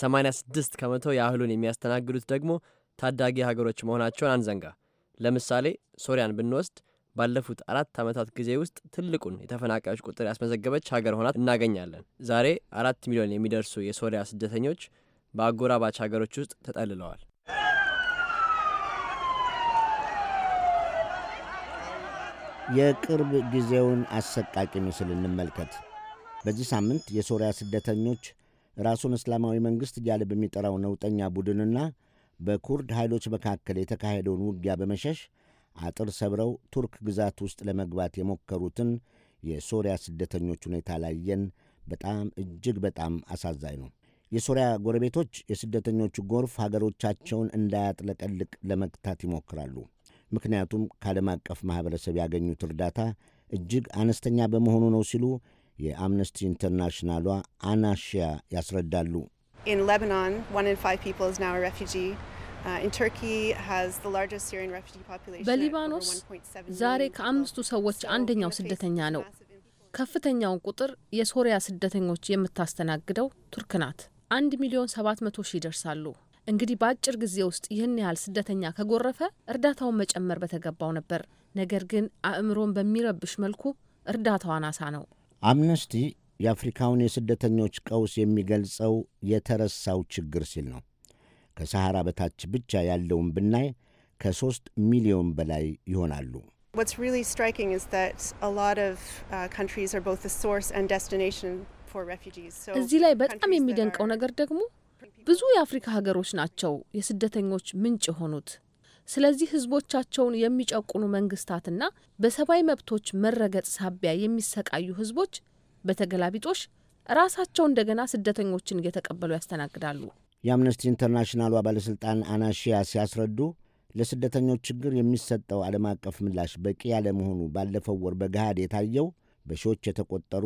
86 ከመቶ ያህሉን የሚያስተናግዱት ደግሞ ታዳጊ ሀገሮች መሆናቸውን አንዘንጋ። ለምሳሌ ሶሪያን ብንወስድ ባለፉት አራት ዓመታት ጊዜ ውስጥ ትልቁን የተፈናቃዮች ቁጥር ያስመዘገበች ሀገር ሆና እናገኛለን። ዛሬ አራት ሚሊዮን የሚደርሱ የሶሪያ ስደተኞች በአጎራባች ሀገሮች ውስጥ ተጠልለዋል። የቅርብ ጊዜውን አሰቃቂ ምስል እንመልከት። በዚህ ሳምንት የሶሪያ ስደተኞች ራሱን እስላማዊ መንግሥት እያለ በሚጠራው ነውጠኛ ቡድንና በኩርድ ኃይሎች መካከል የተካሄደውን ውጊያ በመሸሽ አጥር ሰብረው ቱርክ ግዛት ውስጥ ለመግባት የሞከሩትን የሶሪያ ስደተኞች ሁኔታ ላየን በጣም እጅግ በጣም አሳዛኝ ነው። የሶሪያ ጎረቤቶች የስደተኞቹ ጎርፍ ሀገሮቻቸውን እንዳያጥለቀልቅ ለመግታት ይሞክራሉ። ምክንያቱም ከዓለም አቀፍ ማኅበረሰብ ያገኙት እርዳታ እጅግ አነስተኛ በመሆኑ ነው ሲሉ የአምነስቲ ኢንተርናሽናሏ አናሺያ ያስረዳሉ። ሌባኖን ዋን ኢን ፋይቭ ፒፕል ኢዝ ናው ሬፊጂ Uh, በሊባኖስ ዛሬ ከአምስቱ ሰዎች አንደኛው ስደተኛ ነው። ከፍተኛውን ቁጥር የሶሪያ ስደተኞች የምታስተናግደው ቱርክ ናት። አንድ ሚሊዮን ሰባት መቶ ሺህ ይደርሳሉ። እንግዲህ በአጭር ጊዜ ውስጥ ይህን ያህል ስደተኛ ከጎረፈ እርዳታውን መጨመር በተገባው ነበር። ነገር ግን አእምሮን በሚረብሽ መልኩ እርዳታው አናሳ ነው። አምነስቲ የአፍሪካውን የስደተኞች ቀውስ የሚገልጸው የተረሳው ችግር ሲል ነው። ከሰሐራ በታች ብቻ ያለውን ብናይ ከሶስት ሚሊዮን በላይ ይሆናሉ። uh, እዚህ ላይ በጣም የሚደንቀው ነገር ደግሞ ብዙ የአፍሪካ ሀገሮች ናቸው የስደተኞች ምንጭ የሆኑት። ስለዚህ ህዝቦቻቸውን የሚጨቁኑ መንግስታትና በሰብአዊ መብቶች መረገጥ ሳቢያ የሚሰቃዩ ህዝቦች በተገላቢጦሽ ራሳቸው እንደገና ስደተኞችን እየተቀበሉ ያስተናግዳሉ። የአምነስቲ ኢንተርናሽናሏ ባለሥልጣን አናሺያ ሲያስረዱ ለስደተኞች ችግር የሚሰጠው ዓለም አቀፍ ምላሽ በቂ ያለመሆኑ ባለፈው ወር በገሃድ የታየው በሺዎች የተቆጠሩ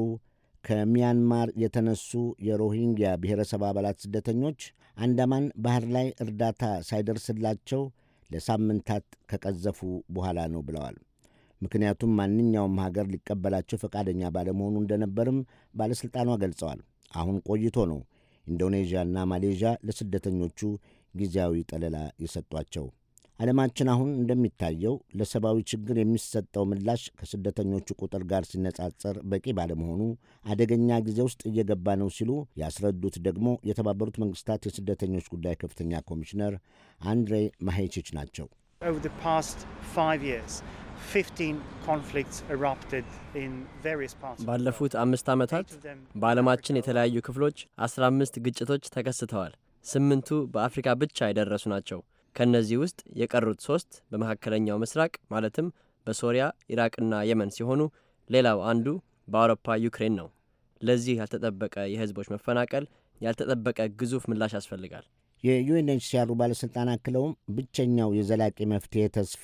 ከሚያንማር የተነሱ የሮሂንግያ ብሔረሰብ አባላት ስደተኞች አንዳማን ባህር ላይ እርዳታ ሳይደርስላቸው ለሳምንታት ከቀዘፉ በኋላ ነው ብለዋል። ምክንያቱም ማንኛውም ሀገር ሊቀበላቸው ፈቃደኛ ባለመሆኑ እንደነበርም ባለሥልጣኗ ገልጸዋል። አሁን ቆይቶ ነው ኢንዶኔዥያና ማሌዥያ ለስደተኞቹ ጊዜያዊ ጠለላ የሰጧቸው። ዓለማችን አሁን እንደሚታየው ለሰብአዊ ችግር የሚሰጠው ምላሽ ከስደተኞቹ ቁጥር ጋር ሲነጻጸር በቂ ባለመሆኑ አደገኛ ጊዜ ውስጥ እየገባ ነው ሲሉ ያስረዱት ደግሞ የተባበሩት መንግስታት የስደተኞች ጉዳይ ከፍተኛ ኮሚሽነር አንድሬ ማሄቺች ናቸው። ባለፉት አምስት ዓመታት በዓለማችን የተለያዩ ክፍሎች አምስት ግጭቶች ተከስተዋል። ስምንቱ በአፍሪካ ብቻ የደረሱ ናቸው። ከእነዚህ ውስጥ የቀሩት ሶስት በመካከለኛው ምስራቅ ማለትም በሶሪያ ኢራቅና የመን ሲሆኑ ሌላው አንዱ በአውሮፓ ዩክሬን ነው። ለዚህ ያልተጠበቀ የህዝቦች መፈናቀል ያልተጠበቀ ግዙፍ ምላሽ ያስፈልጋል። የዩኤንኤችሲአሩ ባለሥልጣን አክለውም ብቸኛው የዘላቂ መፍትሔ ተስፋ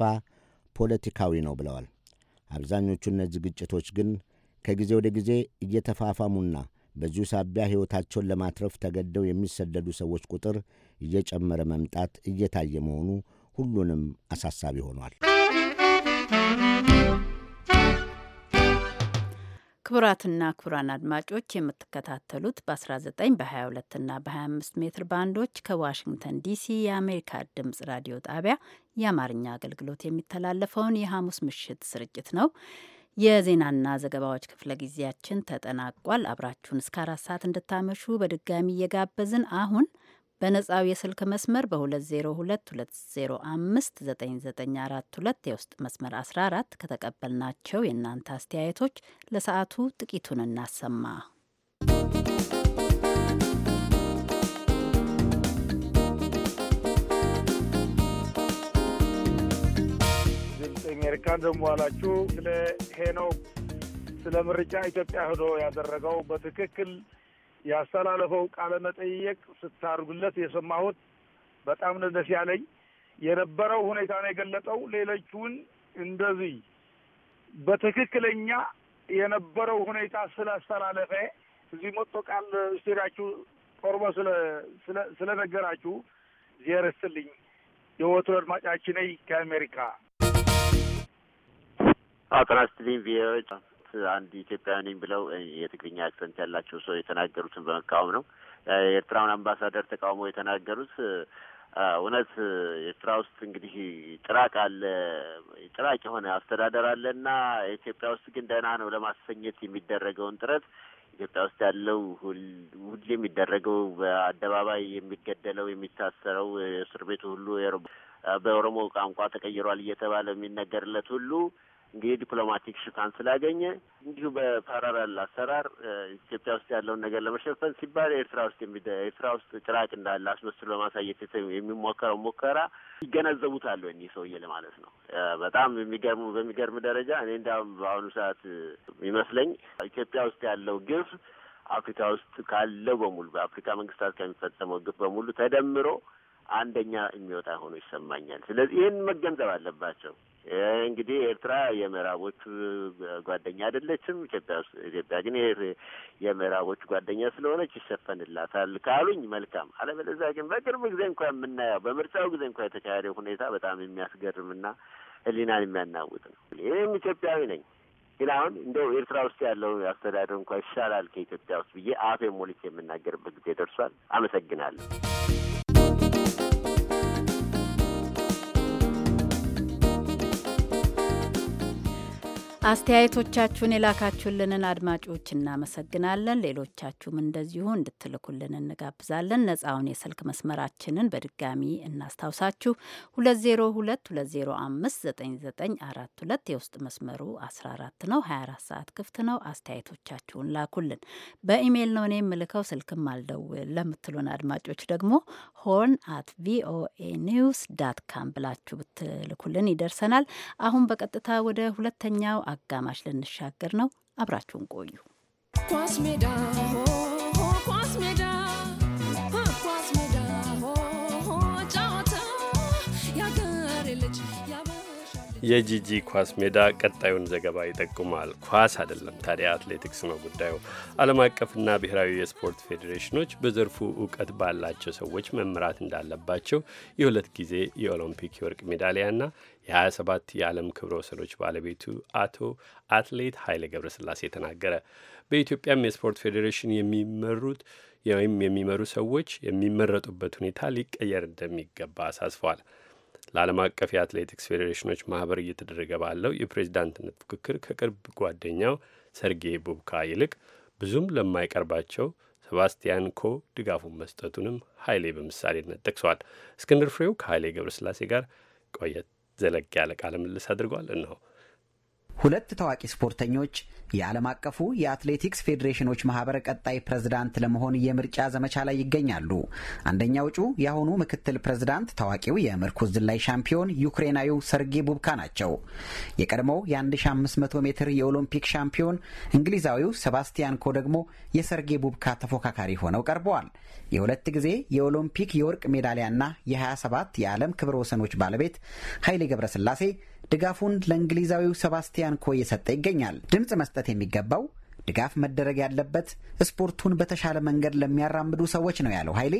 ፖለቲካዊ ነው ብለዋል። አብዛኞቹ እነዚህ ግጭቶች ግን ከጊዜ ወደ ጊዜ እየተፋፋሙና በዚሁ ሳቢያ ሕይወታቸውን ለማትረፍ ተገደው የሚሰደዱ ሰዎች ቁጥር እየጨመረ መምጣት እየታየ መሆኑ ሁሉንም አሳሳቢ ሆኗል። ክቡራትና ክቡራን አድማጮች የምትከታተሉት በ19 በ22 እና በ25 ሜትር ባንዶች ከዋሽንግተን ዲሲ የአሜሪካ ድምጽ ራዲዮ ጣቢያ የአማርኛ አገልግሎት የሚተላለፈውን የሐሙስ ምሽት ስርጭት ነው። የዜናና ዘገባዎች ክፍለ ጊዜያችን ተጠናቋል። አብራችሁን እስከ አራት ሰዓት እንድታመሹ በድጋሚ እየጋበዝን አሁን በነጻው የስልክ መስመር በ2022059942 የውስጥ መስመር 14 ከተቀበልናቸው የእናንተ አስተያየቶች ለሰዓቱ ጥቂቱን እናሰማ። አሜሪካን ደሞ ስለ ሄኖክ ስለ ምርጫ ኢትዮጵያ ህዶ ያደረገው በትክክል ያስተላለፈው ቃለ መጠየቅ ስታርጉለት የሰማሁት በጣም ነው ደስ ያለኝ። የነበረው ሁኔታ ነው የገለጠው። ሌሎቹን እንደዚህ በትክክለኛ የነበረው ሁኔታ ስላስተላለፈ እዚህ መጥቶ ቃል ስቴዳችሁ ቆርቦ ስለነገራችሁ እግዚአብሔር ይስጥልኝ። የወትሮ አድማጫችን ነኝ ከአሜሪካ አቅናስትልኝ ቪዎች አንድ ኢትዮጵያዊ ነኝ ብለው የትግርኛ አክሰንት ያላቸው ሰው የተናገሩትን በመቃወም ነው። የኤርትራውን አምባሳደር ተቃውሞ የተናገሩት እውነት ኤርትራ ውስጥ እንግዲህ ጥራቅ አለ ጥራቅ የሆነ አስተዳደር አለ እና ኢትዮጵያ ውስጥ ግን ደህና ነው ለማሰኘት የሚደረገውን ጥረት ኢትዮጵያ ውስጥ ያለው ሁሌ የሚደረገው በአደባባይ የሚገደለው የሚታሰረው እስር ቤቱ ሁሉ በኦሮሞ ቋንቋ ተቀይሯል እየተባለ የሚነገርለት ሁሉ ዲፕሎማቲክ ሽፋን ስላገኘ እንዲሁ በፓራላል አሰራር ኢትዮጵያ ውስጥ ያለውን ነገር ለመሸፈን ሲባል ኤርትራ ውስጥ ኤርትራ ውስጥ ጭራቅ እንዳለ አስመስሎ ለማሳየት የሚሞከረው ሙከራ ይገነዘቡታል እኚህ ሰውዬ ለማለት ነው። በጣም የሚገርሙ በሚገርም ደረጃ እኔ እንዲያውም በአሁኑ ሰዓት ይመስለኝ ኢትዮጵያ ውስጥ ያለው ግፍ አፍሪካ ውስጥ ካለው በሙሉ በአፍሪካ መንግስታት ከሚፈጸመው ግፍ በሙሉ ተደምሮ አንደኛ የሚወጣ ሆኖ ይሰማኛል። ስለዚህ ይህን መገንዘብ አለባቸው። እንግዲህ ኤርትራ የምዕራቦቹ ጓደኛ አይደለችም። ኢትዮጵያ ኢትዮጵያ ግን የምዕራቦቹ ጓደኛ ስለሆነች ይሸፈንላታል ካሉኝ መልካም። አለበለዚያ ግን በቅርብ ጊዜ እንኳ የምናየው በምርጫው ጊዜ እንኳ የተካሄደው ሁኔታ በጣም የሚያስገርምና ሕሊናን የሚያናውጥ ነው። ይህም ኢትዮጵያዊ ነኝ ግን አሁን እንደው ኤርትራ ውስጥ ያለው አስተዳደር እንኳ ይሻላል ከኢትዮጵያ ውስጥ ብዬ አፌ ሞልቼ የምናገርበት ጊዜ ደርሷል። አመሰግናለሁ። አስተያየቶቻችሁን የላካችሁልንን አድማጮች እናመሰግናለን። ሌሎቻችሁም እንደዚሁ እንድትልኩልን እንጋብዛለን። ነጻውን የስልክ መስመራችንን በድጋሚ እናስታውሳችሁ 2022059942 የውስጥ መስመሩ 14 ነው። 24 ሰዓት ክፍት ነው። አስተያየቶቻችሁን ላኩልን። በኢሜይል ነው እኔ የምልከው፣ ስልክም አልደውል ለምትሉን አድማጮች ደግሞ ሆን አት ቪኦኤ ኒውስ ዳት ካም ብላችሁ ብትልኩልን ይደርሰናል። አሁን በቀጥታ ወደ ሁለተኛው አጋማሽ ልንሻገር ነው። አብራችሁን ቆዩ። ኳስ ሜዳ ኳስ ሜዳ የጂጂ ኳስ ሜዳ ቀጣዩን ዘገባ ይጠቁማል። ኳስ አይደለም ታዲያ አትሌቲክስ ነው ጉዳዩ። ዓለም አቀፍና ብሔራዊ የስፖርት ፌዴሬሽኖች በዘርፉ እውቀት ባላቸው ሰዎች መምራት እንዳለባቸው የሁለት ጊዜ የኦሎምፒክ የወርቅ ሜዳሊያና የ27 የዓለም ክብረ ወሰኖች ባለቤቱ አቶ አትሌት ኃይሌ ገብረስላሴ ተናገረ። በኢትዮጵያም የስፖርት ፌዴሬሽን የሚመሩት ወይም የሚመሩ ሰዎች የሚመረጡበት ሁኔታ ሊቀየር እንደሚገባ አሳስፏል። ለዓለም አቀፍ የአትሌቲክስ ፌዴሬሽኖች ማህበር እየተደረገ ባለው የፕሬዚዳንትነት ፉክክር ከቅርብ ጓደኛው ሰርጌይ ቡብካ ይልቅ ብዙም ለማይቀርባቸው ሰባስቲያን ኮ ድጋፉን መስጠቱንም ኃይሌ በምሳሌነት ጠቅሰዋል። እስክንድር ፍሬው ከኃይሌ ገብረስላሴ ጋር ቆየት ዘለግ ያለ ቃለ ምልልስ አድርጓል። እንሆ ሁለት ታዋቂ ስፖርተኞች የዓለም አቀፉ የአትሌቲክስ ፌዴሬሽኖች ማህበር ቀጣይ ፕሬዝዳንት ለመሆን የምርጫ ዘመቻ ላይ ይገኛሉ። አንደኛው እጩ የአሁኑ ምክትል ፕሬዝዳንት ታዋቂው የምርኩዝ ዝላይ ሻምፒዮን ዩክሬናዊው ሰርጌ ቡብካ ናቸው። የቀድሞው የ1500 ሜትር የኦሎምፒክ ሻምፒዮን እንግሊዛዊው ሴባስቲያን ኮ ደግሞ የሰርጌ ቡብካ ተፎካካሪ ሆነው ቀርበዋል። የሁለት ጊዜ የኦሎምፒክ የወርቅ ሜዳሊያና የ27 የዓለም ክብረ ወሰኖች ባለቤት ኃይሌ ገብረስላሴ ድጋፉን ለእንግሊዛዊው ሰባስቲያን ኮ እየሰጠ ይገኛል። ድምፅ መስጠት የሚገባው ድጋፍ መደረግ ያለበት ስፖርቱን በተሻለ መንገድ ለሚያራምዱ ሰዎች ነው ያለው ኃይሌ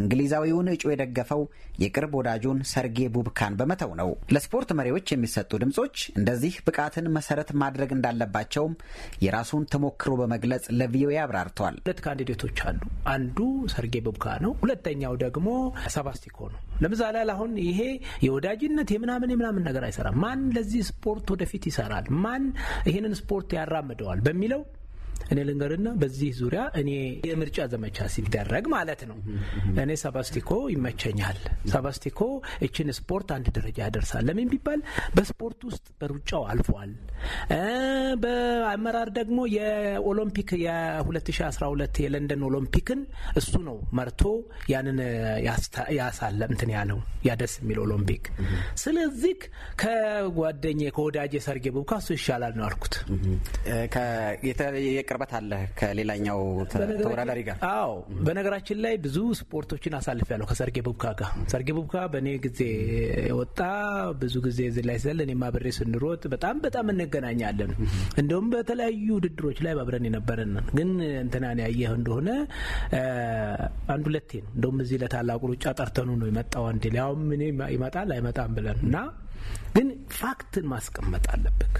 እንግሊዛዊውን እጩ የደገፈው የቅርብ ወዳጁን ሰርጌ ቡብካን በመተው ነው። ለስፖርት መሪዎች የሚሰጡ ድምጾች እንደዚህ ብቃትን መሰረት ማድረግ እንዳለባቸውም የራሱን ተሞክሮ በመግለጽ ለቪኦኤ አብራርተዋል። ሁለት ካንዲዴቶች አሉ። አንዱ ሰርጌ ቡብካ ነው። ሁለተኛው ደግሞ ሰባስቲኮ ነው። ለምሳሌ አሁን ይሄ የወዳጅነት የምናምን የምናምን ነገር አይሰራም። ማን ለዚህ ስፖርት ወደፊት ይሰራል፣ ማን ይህንን ስፖርት ያራምደዋል በሚለው እኔ ልንገርና በዚህ ዙሪያ እኔ የምርጫ ዘመቻ ሲደረግ ማለት ነው እኔ ሰባስቲኮ ይመቸኛል። ሰባስቲኮ እችን ስፖርት አንድ ደረጃ ያደርሳል። ለምን ቢባል በስፖርት ውስጥ በሩጫው አልፏል። በአመራር ደግሞ የኦሎምፒክ የ2012 የለንደን ኦሎምፒክን እሱ ነው መርቶ ያንን ያሳለ እንትን ያለው ያደስ የሚል ኦሎምፒክ። ስለዚህ ከጓደኛዬ ከወዳጄ ሰርጌ ቡብካ እሱ ይሻላል ነው አልኩት። ጊዜ ቅርበት አለ ከሌላኛው ተወዳዳሪ ጋር? አዎ፣ በነገራችን ላይ ብዙ ስፖርቶችን አሳልፍ ያለሁ ከሰርጌ ቡብካ ጋር። ሰርጌ ቡብካ በእኔ ጊዜ ወጣ ብዙ ጊዜ እዚህ ላይ ስለ እኔ ማብሬ ስንሮጥ በጣም በጣም እንገናኛለን። እንደውም በተለያዩ ውድድሮች ላይ አብረን የነበረን ግን እንትናን ያየህ እንደሆነ አንድ ሁለቴ ነው እንደውም እዚህ ለታላቁ ሩጫ ጠርተኑ ነው የመጣው። አንዴ ሊያውም እኔ ይመጣል አይመጣም ብለን እና ግን ፋክትን ማስቀመጥ አለብህ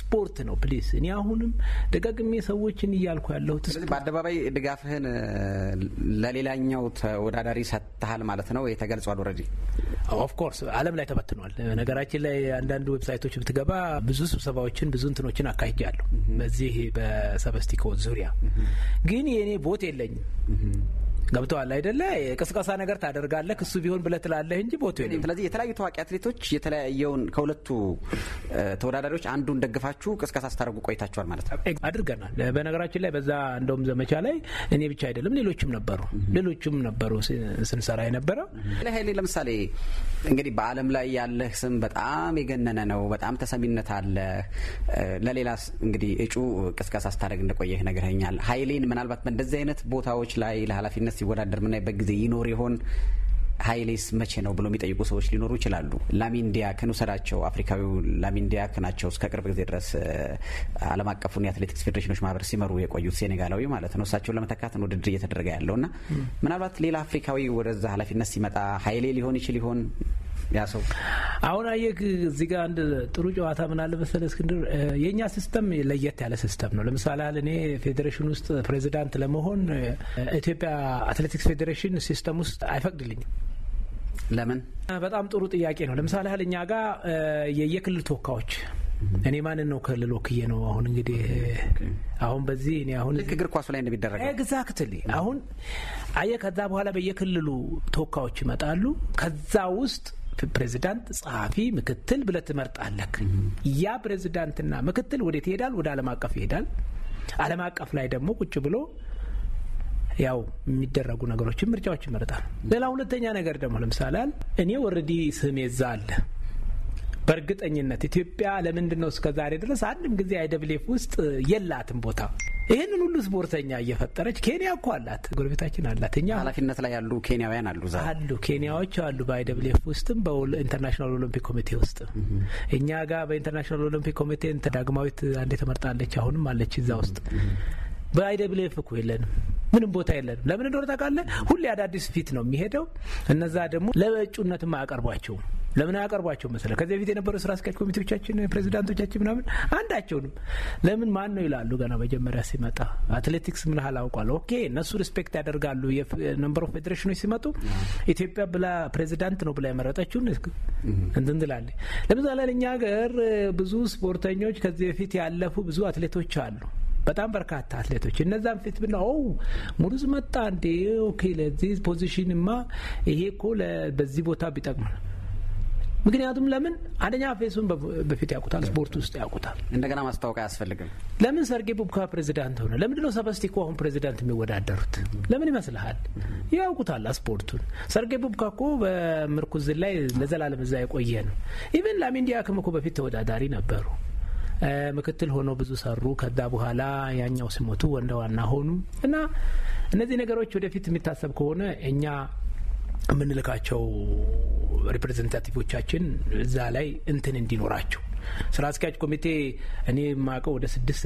ስፖርት ነው። ፕሊስ እኔ አሁንም ደጋግሜ ሰዎችን እያልኩ ያለሁት በአደባባይ ድጋፍህን ለሌላኛው ተወዳዳሪ ሰጥተሃል ማለት ነው የተገልጿል። ኦልሬዲ ኦፍኮርስ ዓለም ላይ ተበትኗል። ነገራችን ላይ አንዳንድ ዌብሳይቶች ብትገባ ብዙ ስብሰባዎችን ብዙ እንትኖችን አካሂጃለሁ በዚህ በሰበስቲኮ ዙሪያ ግን የእኔ ቦት የለኝም ገብተዋል አይደለ? ቅስቀሳ ነገር ታደርጋለህ እሱ ቢሆን ብለህ ትላለህ እንጂ ቦቱ የለም። ስለዚህ የተለያዩ ታዋቂ አትሌቶች የተለያየውን ከሁለቱ ተወዳዳሪዎች አንዱን ደግፋችሁ ቅስቀሳ ስታደርጉ ቆይታችኋል ማለት ነው። አድርገናል። በነገራችን ላይ በዛ እንደውም ዘመቻ ላይ እኔ ብቻ አይደለም ሌሎችም ነበሩ ሌሎችም ነበሩ ስንሰራ የነበረ ሀይሌ ለምሳሌ እንግዲህ በዓለም ላይ ያለህ ስም በጣም የገነነ ነው። በጣም ተሰሚነት አለ። ለሌላ እንግዲህ እጩ ቅስቀሳ ስታደርግ እንደቆየህ ነግረኛል። ሀይሌን ምናልባት በእንደዚህ አይነት ቦታዎች ላይ ለኃላፊነት ሲወዳደር የምናይበት ጊዜ ይኖር ይሆን? ኃይሌስ መቼ ነው ብሎ የሚጠይቁ ሰዎች ሊኖሩ ይችላሉ። ላሚን ዲያክን ውሰዳቸው። አፍሪካዊው ላሚን ዲያክ ናቸው። እስከ ቅርብ ጊዜ ድረስ ዓለም አቀፉን የአትሌቲክስ ፌዴሬሽኖች ማህበር ሲመሩ የቆዩት ሴኔጋላዊ ማለት ነው። እሳቸውን ለመተካት ነው ውድድር እየተደረገ ያለው እና ምናልባት ሌላ አፍሪካዊ ወደዛ ኃላፊነት ሲመጣ ኃይሌ ሊሆን ይችል ይሆን ያ ሰው አሁን አየህ እዚህ ጋር አንድ ጥሩ ጨዋታ ምን አለ መሰለህ እስክንድር፣ የእኛ ሲስተም ለየት ያለ ሲስተም ነው። ለምሳሌ ያህል እኔ ፌዴሬሽን ውስጥ ፕሬዚዳንት ለመሆን ኢትዮጵያ አትሌቲክስ ፌዴሬሽን ሲስተም ውስጥ አይፈቅድልኝም። ለምን? በጣም ጥሩ ጥያቄ ነው። ለምሳሌ ያህል እኛ ጋር የየክልል ተወካዮች እኔ ማንን ነው ክልል ወክዬ ነው አሁን እንግዲህ አሁን በዚህ እኔ አሁን ልክ እግር ኳሱ ላይ እንደሚደረገው ኤግዛክትሊ አሁን አየ ከዛ በኋላ በየክልሉ ተወካዮች ይመጣሉ። ከዛ ውስጥ ፕሬዚዳንት፣ ጸሐፊ፣ ምክትል ብለህ ትመርጣለህ። ያ ፕሬዚዳንትና ምክትል ወዴት ይሄዳል? ወደ ዓለም አቀፍ ይሄዳል። ዓለም አቀፍ ላይ ደግሞ ቁጭ ብሎ ያው የሚደረጉ ነገሮችን ምርጫዎች ይመርጣል። ሌላ ሁለተኛ ነገር ደግሞ ለምሳሌ እኔ ወረዲ ስሜ እዛ አለ በእርግጠኝነት ኢትዮጵያ ለምንድን ነው እስከዛሬ ድረስ አንድም ጊዜ አይደብሌፍ ውስጥ የላትም ቦታ? ይህንን ሁሉ ስፖርተኛ እየፈጠረች ኬንያ እኮ አላት፣ ጎረቤታችን አላት። እኛ ኃላፊነት ላይ ያሉ ኬንያውያን አሉ አሉ ኬንያዎች አሉ በአይደብሌፍ ውስጥም በኢንተርናሽናል ኦሎምፒክ ኮሚቴ ውስጥ እኛ ጋር በኢንተርናሽናል ኦሎምፒክ ኮሚቴ ዳግማዊት አንዴ ተመርጣለች፣ አሁንም አለች እዛ ውስጥ። በአይደብሌፍ እኮ የለንም ምንም ቦታ የለንም። ለምን እንደሆነ ታውቃለህ? ሁሌ አዳዲስ ፊት ነው የሚሄደው። እነዛ ደግሞ ለእጩነትም አያቀርቧቸውም። ለምን አያቀርቧቸው መሰለ ከዚህ በፊት የነበረ ስራ አስኪያጅ ኮሚቴዎቻችን ፕሬዚዳንቶቻችን ምናምን አንዳቸውንም ለምን ማን ነው ይላሉ። ገና መጀመሪያ ሲመጣ አትሌቲክስ ምን ያህል አውቋል። ኦኬ እነሱ ሪስፔክት ያደርጋሉ። ነምበር ኦፍ ፌዴሬሽኖች ሲመጡ ኢትዮጵያ ብላ ፕሬዚዳንት ነው ብላ የመረጠችውን እንትን ትላለች። ለምሳሌ ለእኛ ሀገር ብዙ ስፖርተኞች ከዚህ በፊት ያለፉ ብዙ አትሌቶች አሉ። በጣም በርካታ አትሌቶች እነዛም ፊት ብና ው ሙሉዝ መጣ እንዴ ኦኬ ለዚህ ፖዚሽንማ ይሄ እኮ በዚህ ቦታ ቢጠቅም ምክንያቱም ለምን አንደኛ ፌሱን በፊት ያውቁታል፣ ስፖርት ውስጥ ያውቁታል። እንደገና ማስታወቅ አያስፈልግም። ለምን ሰርጌ ቡብካ ፕሬዚዳንት ሆነ? ለምንድን ነው ሰበስቲኮ አሁን ፕሬዚዳንት የሚወዳደሩት? ለምን ይመስልሃል? ያውቁታል ስፖርቱን። ሰርጌ ቡብካ እኮ በምርኩዝን ላይ ለዘላለም እዛ የቆየ ነው። ኢቨን ላሚን ዲያክም እኮ በፊት ተወዳዳሪ ነበሩ። ምክትል ሆኖ ብዙ ሰሩ። ከዛ በኋላ ያኛው ሲሞቱ ወንደ ዋና ሆኑ እና እነዚህ ነገሮች ወደፊት የሚታሰብ ከሆነ እኛ የምንልካቸው ሪፕሬዘንታቲቮቻችን እዛ ላይ እንትን እንዲኖራቸው ስራ አስኪያጅ ኮሚቴ እኔ የማውቀው ወደ ስድስት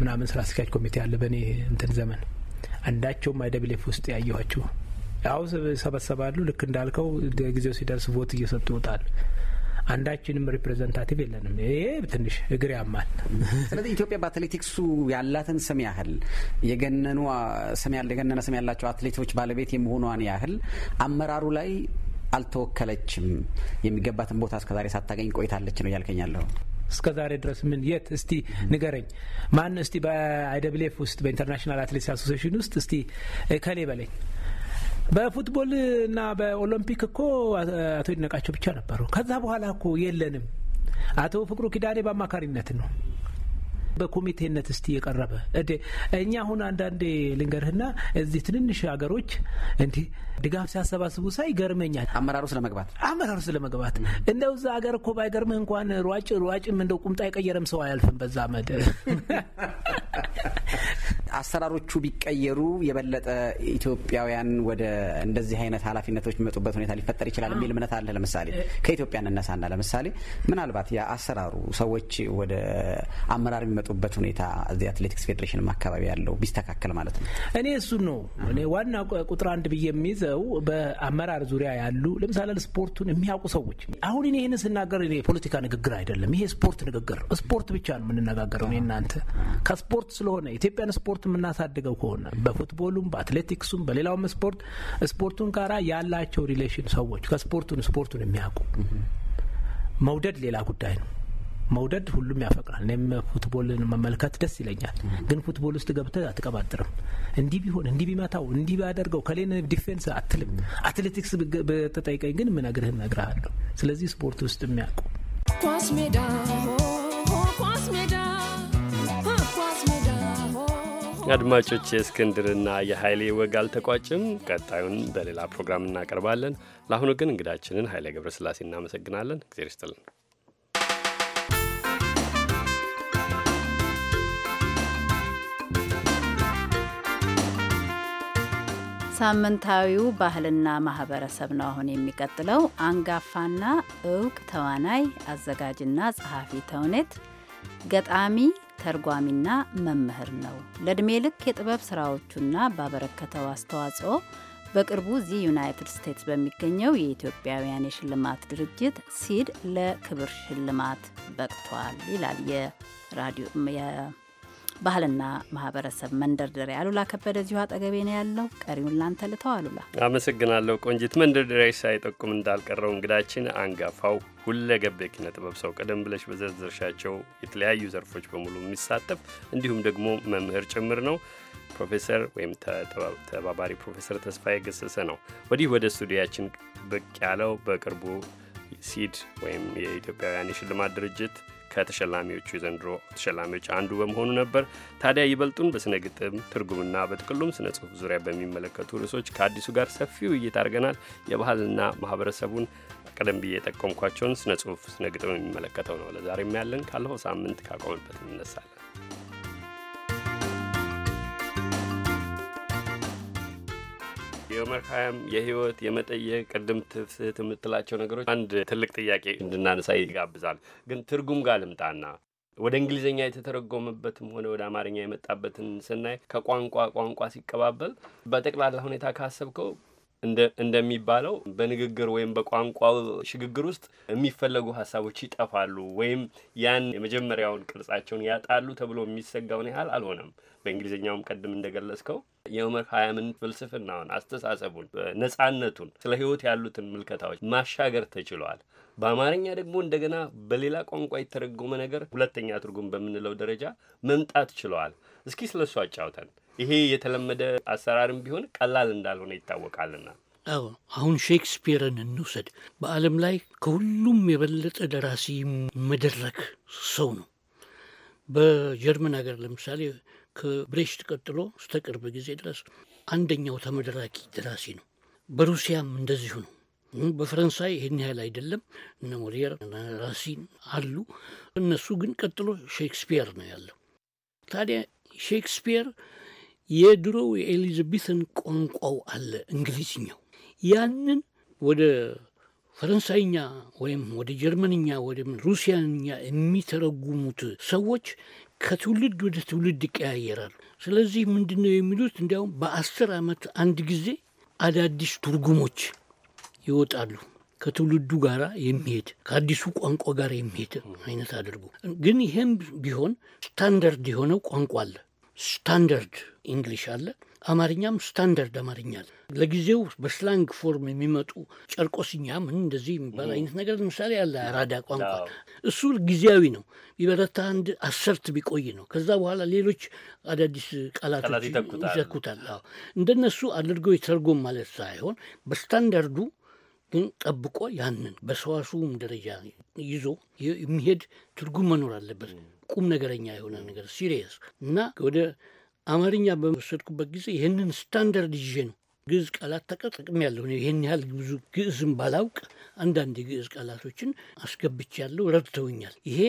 ምናምን ስራ አስኪያጅ ኮሚቴ አለ በእኔ እንትን ዘመን አንዳቸውም አይደብሌፍ ውስጥ ያየኋቸው ያው ሰበሰባሉ ልክ እንዳልከው ጊዜው ሲደርስ ቮት እየሰጡ ይወጣል አንዳችንም ሪፕሬዘንታቲቭ የለንም። ይሄ ትንሽ እግር ያማል። ስለዚህ ኢትዮጵያ በአትሌቲክሱ ያላትን ስም ያህል የገነኑ ስም የገነነ ስም ያላቸው አትሌቶች ባለቤት የመሆኗን ያህል አመራሩ ላይ አልተወከለችም። የሚገባትን ቦታ እስከዛሬ ሳታገኝ ቆይታለች ነው እያልከኛለሁ። እስከ ዛሬ ድረስ ምን የት እስቲ ንገረኝ ማን እስቲ በአይደብሌፍ ውስጥ በኢንተርናሽናል አትሌቲክስ አሶሴሽን ውስጥ እስቲ ከሌ በለኝ በፉትቦል እና በኦሎምፒክ እኮ አቶ ይድነቃቸው ብቻ ነበሩ። ከዛ በኋላ እኮ የለንም። አቶ ፍቅሩ ኪዳኔ በአማካሪነት ነው በኮሚቴነት እስቲ የቀረበ እ እኛ አሁን አንዳንዴ ልንገርህና እዚህ ትንንሽ ሀገሮች እንዲህ ድጋፍ ሲያሰባስቡ ሳይ ገርመኛል። አመራሩ ስለመግባት አመራሩ ስለመግባት እንደው እዛ ሀገር እኮ ባይገርምህ እንኳን ሯጭ ሯጭም እንደው ቁምጣ የቀየረም ሰው አያልፍም በዛ መድ አሰራሮቹ ቢቀየሩ የበለጠ ኢትዮጵያውያን ወደ እንደዚህ አይነት ኃላፊነቶች የሚመጡበት ሁኔታ ሊፈጠር ይችላል የሚል እምነት አለ። ለምሳሌ ከኢትዮጵያ እንነሳና ለምሳሌ ምናልባት የአሰራሩ ሰዎች ወደ አመራር የሚመጡበት ሁኔታ እዚህ አትሌቲክስ ፌዴሬሽንም አካባቢ ያለው ቢስተካከል ማለት ነው። እኔ እሱን ነው እኔ ዋና ቁጥር አንድ ብዬ የሚይዘው በአመራር ዙሪያ ያሉ ለምሳሌ ስፖርቱን የሚያውቁ ሰዎች አሁን እኔ ይህን ስናገር የፖለቲካ ንግግር አይደለም። ይሄ ስፖርት ንግግር ስፖርት ብቻ ነው የምንነጋገረው። እኔ እናንተ ከስፖርት ስለሆነ ኢትዮጵያን ስፖርት ስፖርት የምናሳድገው ከሆነ በፉትቦሉም በአትሌቲክሱም በሌላውም ስፖርት ስፖርቱን ጋራ ያላቸው ሪሌሽን ሰዎች ከስፖርቱን ስፖርቱን የሚያውቁ መውደድ ሌላ ጉዳይ ነው። መውደድ ሁሉም ያፈቅራል። እኔም ፉትቦልን መመልከት ደስ ይለኛል። ግን ፉትቦል ውስጥ ገብተህ አትቀባጥርም። እንዲህ ቢሆን እንዲህ ቢመታው እንዲህ ቢያደርገው ከሌን ዲፌንስ አትልም። አትሌቲክስ በተጠይቀኝ ግን ምነግርህን እነግርሃለሁ። ስለዚህ ስፖርት ውስጥ የሚያውቁ ኳስ ሜዳ ኳስ ሜዳ አድማጮች የእስክንድርና የኃይሌ ወግ አልተቋጭም። ቀጣዩን በሌላ ፕሮግራም እናቀርባለን። ለአሁኑ ግን እንግዳችንን ኃይሌ ገብረስላሴ እናመሰግናለን። እግዜር ይስጥልን። ሳምንታዊው ባህልና ማህበረሰብ ነው አሁን የሚቀጥለው። አንጋፋና እውቅ ተዋናይ አዘጋጅና ጸሐፊ ተውኔት ገጣሚ ተርጓሚና መምህር ነው። ለዕድሜ ልክ የጥበብ ስራዎቹና ባበረከተው አስተዋጽኦ በቅርቡ እዚህ ዩናይትድ ስቴትስ በሚገኘው የኢትዮጵያውያን የሽልማት ድርጅት ሲድ ለክብር ሽልማት በቅቷል ይላል የራዲዮ ባህልና ማህበረሰብ መንደርደሪያ አሉላ ከበደ እዚሁ አጠገቤ ነው ያለው። ቀሪውን ላንተ ልተው አሉላ። አመሰግናለሁ ቆንጂት። መንደርደሪያ ሳይጠቁም እንዳልቀረው እንግዳችን አንጋፋው ገብ የኪነ ጥበብ ሰው ቀደም ብለሽ በዘርዘርሻቸው የተለያዩ ዘርፎች በሙሉ የሚሳተፍ እንዲሁም ደግሞ መምህር ጭምር ነው ፕሮፌሰር ወይም ተባባሪ ፕሮፌሰር ተስፋዬ ገሰሰ ነው። ወዲህ ወደ ስቱዲያችን ብቅ ያለው በቅርቡ ሲድ ወይም የኢትዮጵያውያን የሽልማት ድርጅት ከተሸላሚዎቹ የዘንድሮ ተሸላሚዎች አንዱ በመሆኑ ነበር። ታዲያ ይበልጡን በስነ ግጥም ትርጉምና በጥቅሉም ስነ ጽሁፍ ዙሪያ በሚመለከቱ ርዕሶች ከአዲሱ ጋር ሰፊ ውይይት አድርገናል። የባህልና ማህበረሰቡን ቀደም ብዬ የጠቆምኳቸውን ስነ ጽሁፍ፣ ስነ ግጥም የሚመለከተው ነው። ለዛሬም ያለን ካለፈው ሳምንት ካቆምበት እንነሳለን። የመርሃም የህይወት የመጠየቅ ቅድም ትፍስህት የምትላቸው ነገሮች አንድ ትልቅ ጥያቄ እንድናነሳ ይጋብዛል። ግን ትርጉም ጋር ልምጣና ወደ እንግሊዝኛ የተተረጎመበትም ሆነ ወደ አማርኛ የመጣበትን ስናይ ከቋንቋ ቋንቋ ሲቀባበል በጠቅላላ ሁኔታ ካሰብከው እንደሚባለው በንግግር ወይም በቋንቋው ሽግግር ውስጥ የሚፈለጉ ሀሳቦች ይጠፋሉ ወይም ያን የመጀመሪያውን ቅርጻቸውን ያጣሉ ተብሎ የሚሰጋውን ያህል አልሆነም። በእንግሊዝኛውም ቀድም እንደገለጽከው የዑመር ሀያምን ፍልስፍናውን፣ አስተሳሰቡን፣ ነጻነቱን፣ ስለ ህይወት ያሉትን ምልከታዎች ማሻገር ተችሏል። በአማርኛ ደግሞ እንደገና በሌላ ቋንቋ የተረጎመ ነገር ሁለተኛ ትርጉም በምንለው ደረጃ መምጣት ችለዋል። እስኪ ስለ እሱ አጫውተን። ይሄ የተለመደ አሰራርም ቢሆን ቀላል እንዳልሆነ ይታወቃልና። አዎ አሁን ሼክስፒርን እንውሰድ። በዓለም ላይ ከሁሉም የበለጠ ደራሲ መደረክ ሰው ነው። በጀርመን ሀገር ለምሳሌ ከብሬሽት ቀጥሎ እስከ ቅርብ ጊዜ ድረስ አንደኛው ተመደራኪ ደራሲ ነው። በሩሲያም እንደዚሁ ነው። በፈረንሳይ ይህን ያህል አይደለም። እነ ሞሊየር ራሲን አሉ። እነሱ ግን ቀጥሎ ሼክስፒር ነው ያለው። ታዲያ ሼክስፒር የድሮው የኤሊዝቤትን ቋንቋው አለ እንግሊዝኛው፣ ያንን ወደ ፈረንሳይኛ ወይም ወደ ጀርመንኛ ወይም ሩሲያኛ የሚተረጉሙት ሰዎች ከትውልድ ወደ ትውልድ ይቀያየራሉ። ስለዚህ ምንድን ነው የሚሉት? እንዲያውም በአስር ዓመት አንድ ጊዜ አዳዲስ ትርጉሞች ይወጣሉ ከትውልዱ ጋር የሚሄድ ከአዲሱ ቋንቋ ጋር የሚሄድ አይነት አድርጉ። ግን ይህም ቢሆን ስታንዳርድ የሆነው ቋንቋ አለ። ስታንደርድ እንግሊሽ አለ፣ አማርኛም ስታንዳርድ አማርኛ አለ። ለጊዜው በስላንግ ፎርም የሚመጡ ምን እንደዚህ የሚባል አይነት ነገር ለምሳሌ አለ አራዳ ቋንቋ። እሱ ጊዜያዊ ነው፣ ቢበረታ አንድ አሰርት ቢቆይ ነው። ከዛ በኋላ ሌሎች አዳዲስ ቃላቶች ይዘኩታል። እንደነሱ አድርጎ የተርጎም ማለት ሳይሆን በስታንዳርዱ ግን ጠብቆ ያንን በሰዋሱም ደረጃ ይዞ የሚሄድ ትርጉም መኖር አለበት። ቁም ነገረኛ የሆነ ነገር ሲሪየስ እና ወደ አማርኛ በመሰድኩበት ጊዜ ይህንን ስታንዳርድ ይዤ ነው ግዕዝ ቃላት ተጠቅም ያለሁ ይህን ያህል ብዙ ግዕዝም ባላውቅ አንዳንድ የግዕዝ ቃላቶችን ያለው ረድተውኛል። ይሄ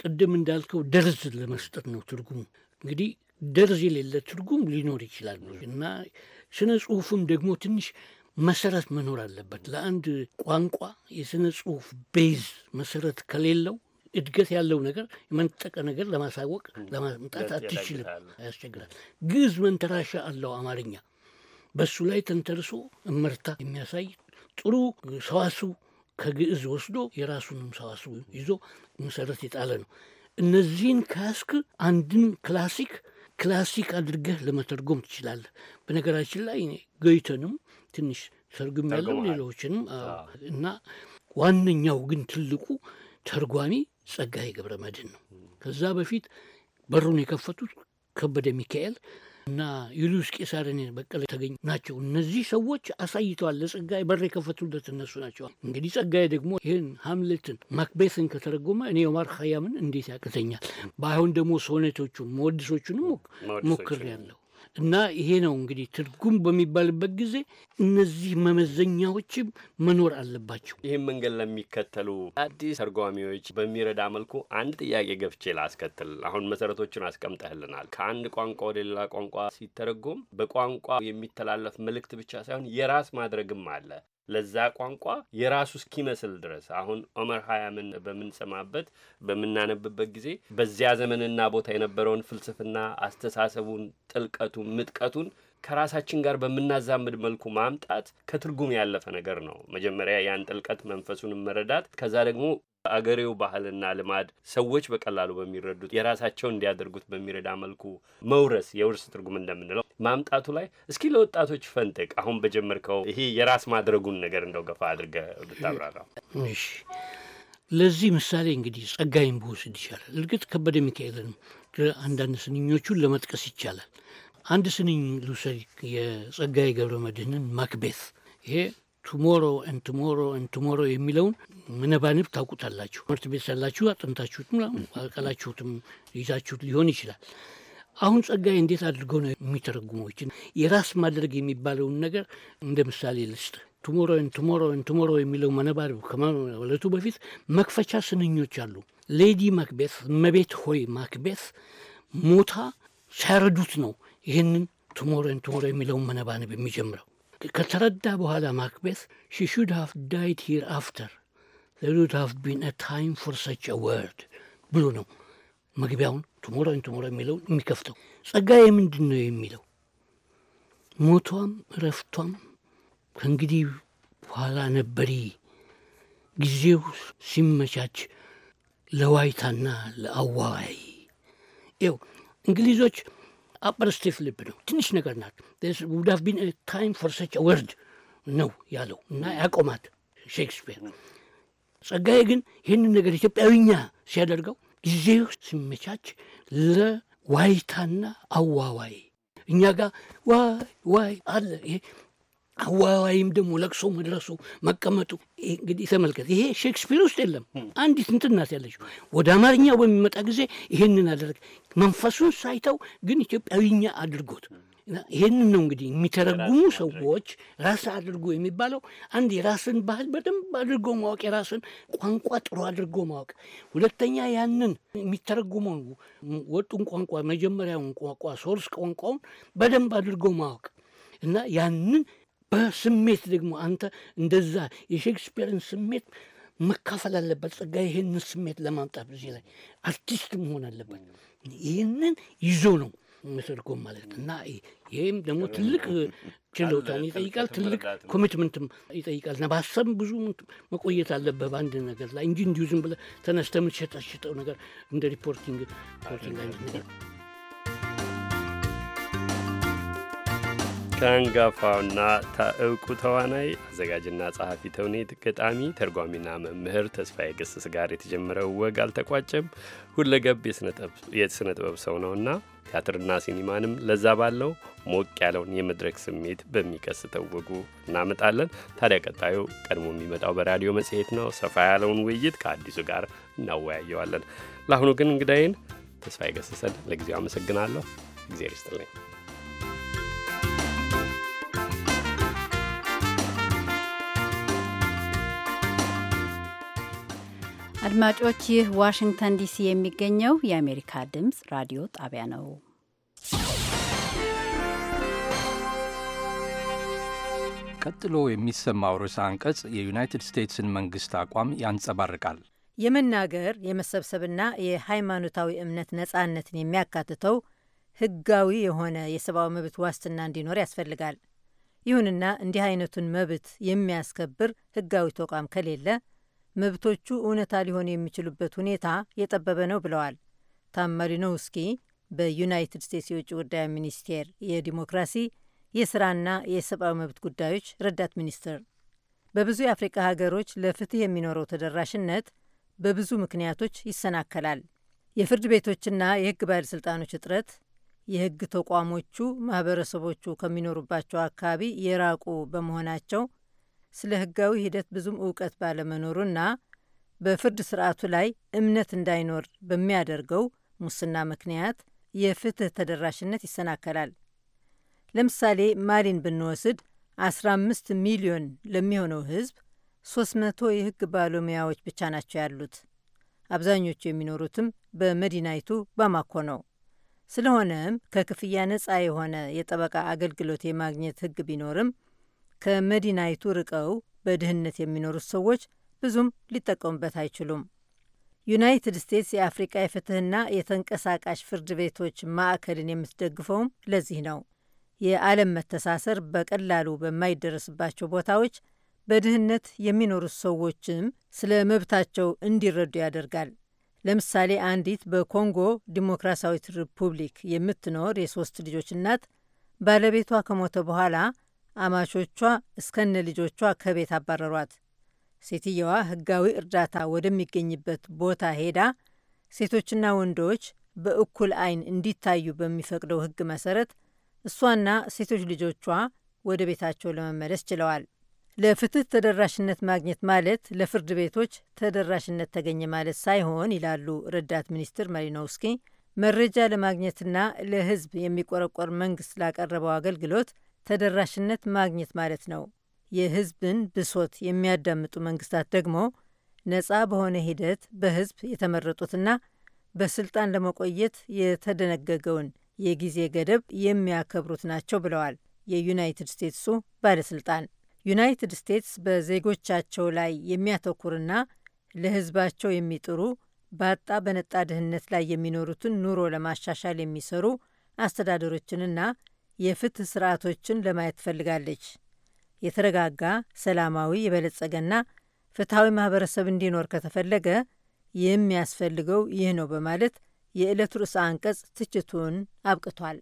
ቅድም እንዳልከው ደርዝ ለመስጠት ነው ትርጉሙ። እንግዲህ ደርዝ የሌለ ትርጉም ሊኖር ይችላል እና ስነ ጽሁፍም ደግሞ ትንሽ መሰረት መኖር አለበት። ለአንድ ቋንቋ የስነ ጽሁፍ ቤዝ መሰረት ከሌለው እድገት ያለው ነገር የመንጠቀ ነገር ለማሳወቅ ለማምጣት አትችልም፣ ያስቸግራል። ግዕዝ መንተራሻ አለው አማርኛ። በሱ ላይ ተንተርሶ እመርታ የሚያሳይ ጥሩ ሰዋስው ከግዕዝ ወስዶ የራሱንም ሰዋስው ይዞ መሰረት የጣለ ነው። እነዚህን ካስክ አንድን ክላሲክ ክላሲክ አድርገህ ለመተርጎም ትችላለህ። በነገራችን ላይ ገይተንም ትንሽ ተርጉም ያለው ሌሎችንም እና ዋነኛው ግን ትልቁ ተርጓሚ ጸጋዬ ገብረ መድኅን ነው። ከዛ በፊት በሩን የከፈቱት ከበደ ሚካኤል እና ዩልዩስ ቄሳርን በቀለ ተገኝ ናቸው። እነዚህ ሰዎች አሳይተዋል። ለጸጋዬ በር የከፈቱለት እነሱ ናቸው። እንግዲህ ጸጋዬ ደግሞ ይህን ሀምሌትን ማክቤትን ከተረጎመ እኔ ኦማር ኸያምን እንዴት ያቅተኛል? በአሁን ደግሞ ሶኔቶቹን መወድሶቹንም ሞክር ያለው እና ይሄ ነው እንግዲህ ትርጉም በሚባልበት ጊዜ እነዚህ መመዘኛዎችም መኖር አለባቸው። ይህም መንገድ ለሚከተሉ አዲስ ተርጓሚዎች በሚረዳ መልኩ አንድ ጥያቄ ገፍቼ ላስከትል። አሁን መሰረቶችን አስቀምጠህልናል። ከአንድ ቋንቋ ወደ ሌላ ቋንቋ ሲተረጎም በቋንቋ የሚተላለፍ መልእክት ብቻ ሳይሆን የራስ ማድረግም አለ። ለዛ ቋንቋ የራሱ እስኪመስል ድረስ አሁን ኦመር ሀያምን በምንሰማበት በምናነብበት ጊዜ በዚያ ዘመንና ቦታ የነበረውን ፍልስፍና፣ አስተሳሰቡን፣ ጥልቀቱን፣ ምጥቀቱን ከራሳችን ጋር በምናዛምድ መልኩ ማምጣት ከትርጉም ያለፈ ነገር ነው። መጀመሪያ ያን ጥልቀት መንፈሱን መረዳት ከዛ ደግሞ አገሬው ባህልና ልማድ ሰዎች በቀላሉ በሚረዱት የራሳቸውን እንዲያደርጉት በሚረዳ መልኩ መውረስ የውርስ ትርጉም እንደምንለው ማምጣቱ ላይ እስኪ ለወጣቶች ፈንጥቅ አሁን በጀመርከው ይሄ የራስ ማድረጉን ነገር እንደው ገፋ አድርገ ብታብራራ። እሺ፣ ለዚህ ምሳሌ እንግዲህ ጸጋይን ብወስድ ይቻላል። እርግጥ ከበደ ሚካኤልን አንዳንድ ስንኞቹን ለመጥቀስ ይቻላል። አንድ ስንኝ ልውሰድ፣ የጸጋይ ገብረ መድህንን ማክቤት ይሄ ቱሞሮ ን ቱሞሮ ን ቱሞሮ የሚለውን መነባንብ ታውቁታላችሁ። ትምህርት ቤት ሳላችሁ አጥንታችሁት አቀላችሁትም ይዛችሁት ሊሆን ይችላል። አሁን ጸጋዬ እንዴት አድርገው ነው የሚተረጉመው? የራስ ማድረግ የሚባለውን ነገር እንደ ምሳሌ ልስጥ። ቱሞሮ ን ቱሞሮ ን ቱሞሮ የሚለው መነባንብ ከመለቱ በፊት መክፈቻ ስንኞች አሉ። ሌዲ ማክቤት መቤት ሆይ ማክቤት ሞታ ሳያረዱት ነው ይህንን ቱሞሮ ን ቱሞሮ የሚለውን መነባንብ የሚጀምረው። ከተረዳ በኋላ ማክቤት ሺ ሹድ ሃፍ ዳይድ ሂር አፍተር ዘሉድ ሃፍ ቢን አ ታይም ፎር ሰች ወርድ ብሎ ነው መግቢያውን ቱሞራ ቱሞሮ የሚለው የሚከፍተው። ጸጋዬ ምንድን ነው የሚለው ሞቷም እረፍቷም ከእንግዲህ በኋላ ነበሪ ጊዜው ሲመቻች ለዋይታና ለአዋይ ው እንግሊዞች አፐር ስቴፍ ልብ ነው። ትንሽ ነገር ናት። ውዳፍ ቢን ታይም ፎር ሰች ወርድ ነው ያለው እና ያቆማት ሼክስፒር። ጸጋዬ ግን ይህንን ነገር ኢትዮጵያዊኛ ሲያደርገው ጊዜ ሲመቻች ለዋይታና አዋዋይ እኛ ጋር ዋይ ዋይ አለ። ይሄ አዋዋይም ደግሞ ለቅሶ መድረሱ መቀመጡ እንግዲህ ተመልከት። ይሄ ሼክስፒር ውስጥ የለም። አንዲት እንትናት ያለች ወደ አማርኛው በሚመጣ ጊዜ ይሄንን አደረግ መንፈሱን ሳይተው ግን ኢትዮጵያዊኛ አድርጎት ይህንን ነው እንግዲህ የሚተረጉሙ ሰዎች ራስ አድርጎ የሚባለው። አንድ የራስን ባህል በደንብ አድርጎ ማወቅ፣ የራስን ቋንቋ ጥሩ አድርጎ ማወቅ። ሁለተኛ ያንን የሚተረጉመውን ወጡን ቋንቋ መጀመሪያውን ቋንቋ ሶርስ ቋንቋውን በደንብ አድርጎ ማወቅ እና ያንን በስሜት ደግሞ አንተ እንደዛ የሼክስፒርን ስሜት መካፈል አለበት። ጸጋ ይህንን ስሜት ለማምጣት እዚህ ላይ አርቲስት መሆን አለበት። ይህንን ይዞ ነው መተርጎም ማለት እና ይህም ደግሞ ትልቅ ችሎታን ይጠይቃል፣ ትልቅ ኮሚትመንትም ይጠይቃል። እና በሀሳብ ብዙ መቆየት አለበት በአንድ ነገር ላይ እንጂ እንዲሁ ዝም ብለህ ተነስተህ የምትሸጣሸጠው ነገር እንደ ሪፖርቲንግ ሪፖርቲንግ አይነት ነገር ከአንጋፋውና ታእውቁ ተዋናይ አዘጋጅና ጸሐፊ ተውኔት ገጣሚ ተርጓሚና መምህር ተስፋዬ ገሰሰ ጋር የተጀመረው ወግ አልተቋጨም። ሁለገብ የሥነ ጥበብ ሰው ነውና ቲያትርና ሲኒማንም ለዛ ባለው ሞቅ ያለውን የመድረክ ስሜት በሚቀስተው ወጉ እናመጣለን። ታዲያ ቀጣዩ ቀድሞ የሚመጣው በራዲዮ መጽሔት ነው። ሰፋ ያለውን ውይይት ከአዲሱ ጋር እናወያየዋለን። ለአሁኑ ግን እንግዳይን ተስፋዬ ገሰሰን ለጊዜው አመሰግናለሁ። እግዜር ይስጥልኝ። አድማጮች ይህ ዋሽንግተን ዲሲ የሚገኘው የአሜሪካ ድምፅ ራዲዮ ጣቢያ ነው። ቀጥሎ የሚሰማው ርዕሰ አንቀጽ የዩናይትድ ስቴትስን መንግስት አቋም ያንጸባርቃል። የመናገር የመሰብሰብና የሃይማኖታዊ እምነት ነጻነትን የሚያካትተው ህጋዊ የሆነ የሰብአዊ መብት ዋስትና እንዲኖር ያስፈልጋል። ይሁንና እንዲህ አይነቱን መብት የሚያስከብር ህጋዊ ተቋም ከሌለ መብቶቹ እውነታ ሊሆን የሚችሉበት ሁኔታ የጠበበ ነው ብለዋል። ታማሪኖውስኪ በዩናይትድ ስቴትስ የውጭ ጉዳይ ሚኒስቴር የዲሞክራሲ የስራና የሰብአዊ መብት ጉዳዮች ረዳት ሚኒስትር። በብዙ የአፍሪቃ ሀገሮች ለፍትህ የሚኖረው ተደራሽነት በብዙ ምክንያቶች ይሰናከላል። የፍርድ ቤቶችና የህግ ባለሥልጣኖች እጥረት፣ የህግ ተቋሞቹ ማህበረሰቦቹ ከሚኖሩባቸው አካባቢ የራቁ በመሆናቸው ስለ ህጋዊ ሂደት ብዙም እውቀት ባለመኖሩና በፍርድ ስርዓቱ ላይ እምነት እንዳይኖር በሚያደርገው ሙስና ምክንያት የፍትህ ተደራሽነት ይሰናከላል። ለምሳሌ ማሊን ብንወስድ 15 ሚሊዮን ለሚሆነው ህዝብ 300 የህግ ባለሙያዎች ብቻ ናቸው ያሉት። አብዛኞቹ የሚኖሩትም በመዲናይቱ ባማኮ ነው። ስለሆነም ከክፍያ ነፃ የሆነ የጠበቃ አገልግሎት የማግኘት ህግ ቢኖርም ከመዲናይቱ ርቀው በድህነት የሚኖሩት ሰዎች ብዙም ሊጠቀሙበት አይችሉም። ዩናይትድ ስቴትስ የአፍሪቃ የፍትህና የተንቀሳቃሽ ፍርድ ቤቶች ማዕከልን የምትደግፈውም ለዚህ ነው። የዓለም መተሳሰር በቀላሉ በማይደረስባቸው ቦታዎች በድህነት የሚኖሩት ሰዎችም ስለ መብታቸው እንዲረዱ ያደርጋል። ለምሳሌ አንዲት በኮንጎ ዲሞክራሲያዊት ሪፑብሊክ የምትኖር የሶስት ልጆች እናት ባለቤቷ ከሞተ በኋላ አማቾቿ እስከነ ልጆቿ ከቤት አባረሯት። ሴትየዋ ህጋዊ እርዳታ ወደሚገኝበት ቦታ ሄዳ ሴቶችና ወንዶች በእኩል አይን እንዲታዩ በሚፈቅደው ህግ መሰረት እሷና ሴቶች ልጆቿ ወደ ቤታቸው ለመመለስ ችለዋል። ለፍትህ ተደራሽነት ማግኘት ማለት ለፍርድ ቤቶች ተደራሽነት ተገኘ ማለት ሳይሆን ይላሉ ረዳት ሚኒስትር መሪኖውስኪ መረጃ ለማግኘትና ለህዝብ የሚቆረቆር መንግስት ላቀረበው አገልግሎት ተደራሽነት ማግኘት ማለት ነው። የህዝብን ብሶት የሚያዳምጡ መንግስታት ደግሞ ነፃ በሆነ ሂደት በህዝብ የተመረጡትና በስልጣን ለመቆየት የተደነገገውን የጊዜ ገደብ የሚያከብሩት ናቸው ብለዋል የዩናይትድ ስቴትሱ ባለስልጣን። ዩናይትድ ስቴትስ በዜጎቻቸው ላይ የሚያተኩርና ለህዝባቸው የሚጥሩ ባጣ በነጣ ድህነት ላይ የሚኖሩትን ኑሮ ለማሻሻል የሚሰሩ አስተዳደሮችንና የፍትህ ስርዓቶችን ለማየት ትፈልጋለች። የተረጋጋ፣ ሰላማዊ፣ የበለጸገና ፍትሐዊ ማህበረሰብ እንዲኖር ከተፈለገ የሚያስፈልገው ይህ ነው በማለት የዕለት ርዕሰ አንቀጽ ትችቱን አብቅቷል።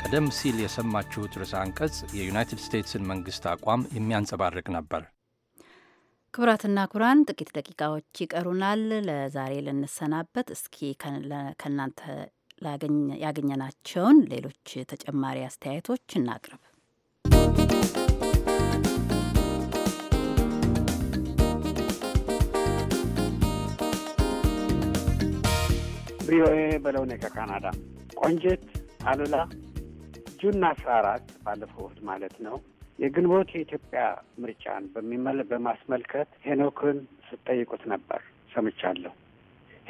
ቀደም ሲል የሰማችሁት ርዕሰ አንቀጽ የዩናይትድ ስቴትስን መንግስት አቋም የሚያንጸባርቅ ነበር። ክቡራትና ክቡራን ጥቂት ደቂቃዎች ይቀሩናል። ለዛሬ ልንሰናበት። እስኪ ከእናንተ ያገኘናቸውን ሌሎች ተጨማሪ አስተያየቶች እናቅርብ። ቪኦኤ በለው ከካናዳ ቆንጅት አሉላ ጁን አስራ አራት ባለፈው እሑድ ማለት ነው የግንቦት የኢትዮጵያ ምርጫን በሚመል በማስመልከት ሄኖክን ስጠይቁት ነበር ሰምቻለሁ።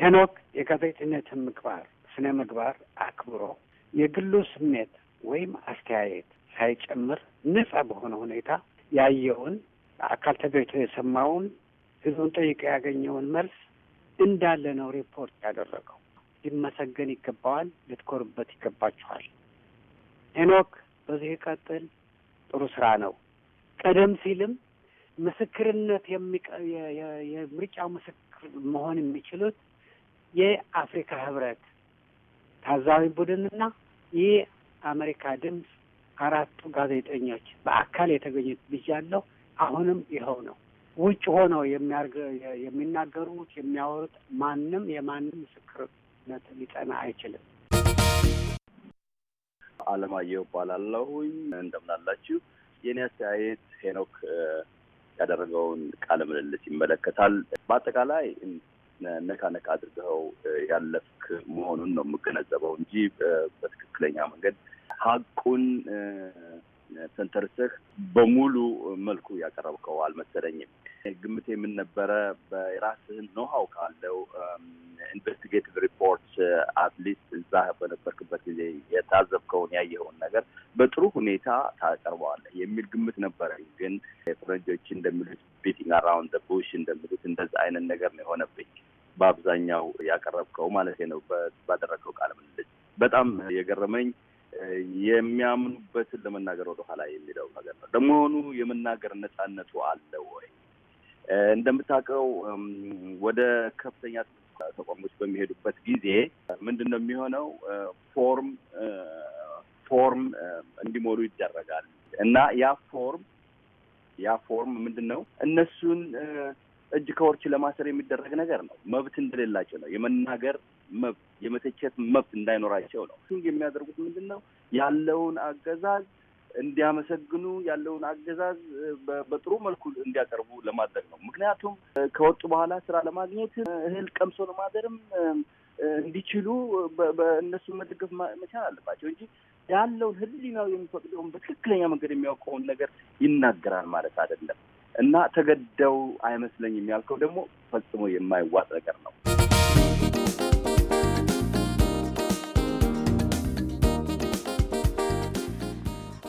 ሄኖክ የጋዜጠኝነትን ምግባር ስነ ምግባር አክብሮ የግሉ ስሜት ወይም አስተያየት ሳይጨምር ነጻ በሆነ ሁኔታ ያየውን አካል ተገኝቶ የሰማውን ህዝቡን ጠይቀ ያገኘውን መልስ እንዳለ ነው ሪፖርት ያደረገው። ሊመሰገን ይገባዋል። ልትኮርበት ይገባችኋል። ሄኖክ በዚህ ቀጥል። ጥሩ ስራ ነው። ቀደም ሲልም ምስክርነት የምርጫው ምስክር መሆን የሚችሉት የአፍሪካ ህብረት ታዛቢ ቡድንና ይህ አሜሪካ ድምፅ አራቱ ጋዜጠኞች በአካል የተገኙት ብያለሁ። አሁንም ይኸው ነው። ውጭ ሆነው የሚናገሩት የሚያወሩት ማንም የማንም ምስክርነት ሊጠና አይችልም። አለማየሁ እባላለሁኝ። እንደምናላችሁ። የእኔ አስተያየት ሄኖክ ያደረገውን ቃለ ምልልስ ይመለከታል። በአጠቃላይ ነካ ነካ አድርገው ያለፍ መሆኑን ነው የምገነዘበው እንጂ በትክክለኛ መንገድ ሀቁን ተንተርሰህ በሙሉ መልኩ ያቀረብከው አልመሰለኝም። ግምት የምንነበረ ነበረ በራስህን ኖሃው ካለው ኢንቨስቲጌቲቭ ሪፖርት አትሊስት እዛ በነበርክበት ጊዜ የታዘብከውን ያየኸውን ነገር በጥሩ ሁኔታ ታቀርበዋለህ የሚል ግምት ነበረኝ። ግን ፈረንጆች እንደሚሉት ቢቲንግ አራውንድ ቡሽ እንደሚሉት እንደዛ አይነት ነገር ነው የሆነብኝ። በአብዛኛው ያቀረብከው ማለት ነው። ባደረግከው ቃለ ምልልስ በጣም የገረመኝ የሚያምኑበትን ለመናገር ወደኋላ የሚለው ነገር ነው። ለመሆኑ የመናገር ነጻነቱ አለ ወይ? እንደምታውቀው ወደ ከፍተኛ ተቋሞች በሚሄዱበት ጊዜ ምንድን ነው የሚሆነው? ፎርም ፎርም እንዲሞሉ ይደረጋል እና ያ ፎርም ያ ፎርም ምንድን ነው እነሱን እጅ ከወርች ለማሰር የሚደረግ ነገር ነው። መብት እንደሌላቸው ነው። የመናገር መብት፣ የመተቸት መብት እንዳይኖራቸው ነው። የሚያደርጉት ምንድን ነው? ያለውን አገዛዝ እንዲያመሰግኑ ያለውን አገዛዝ በጥሩ መልኩ እንዲያቀርቡ ለማድረግ ነው። ምክንያቱም ከወጡ በኋላ ስራ ለማግኘት እህል ቀምሶ ለማደርም እንዲችሉ በእነሱ መደገፍ መቻል አለባቸው እንጂ ያለውን ሕሊናው የሚፈቅደውን በትክክለኛ መንገድ የሚያውቀውን ነገር ይናገራል ማለት አይደለም። እና ተገደው አይመስለኝም ያልከው ደግሞ ፈጽሞ የማይዋጥ ነገር ነው።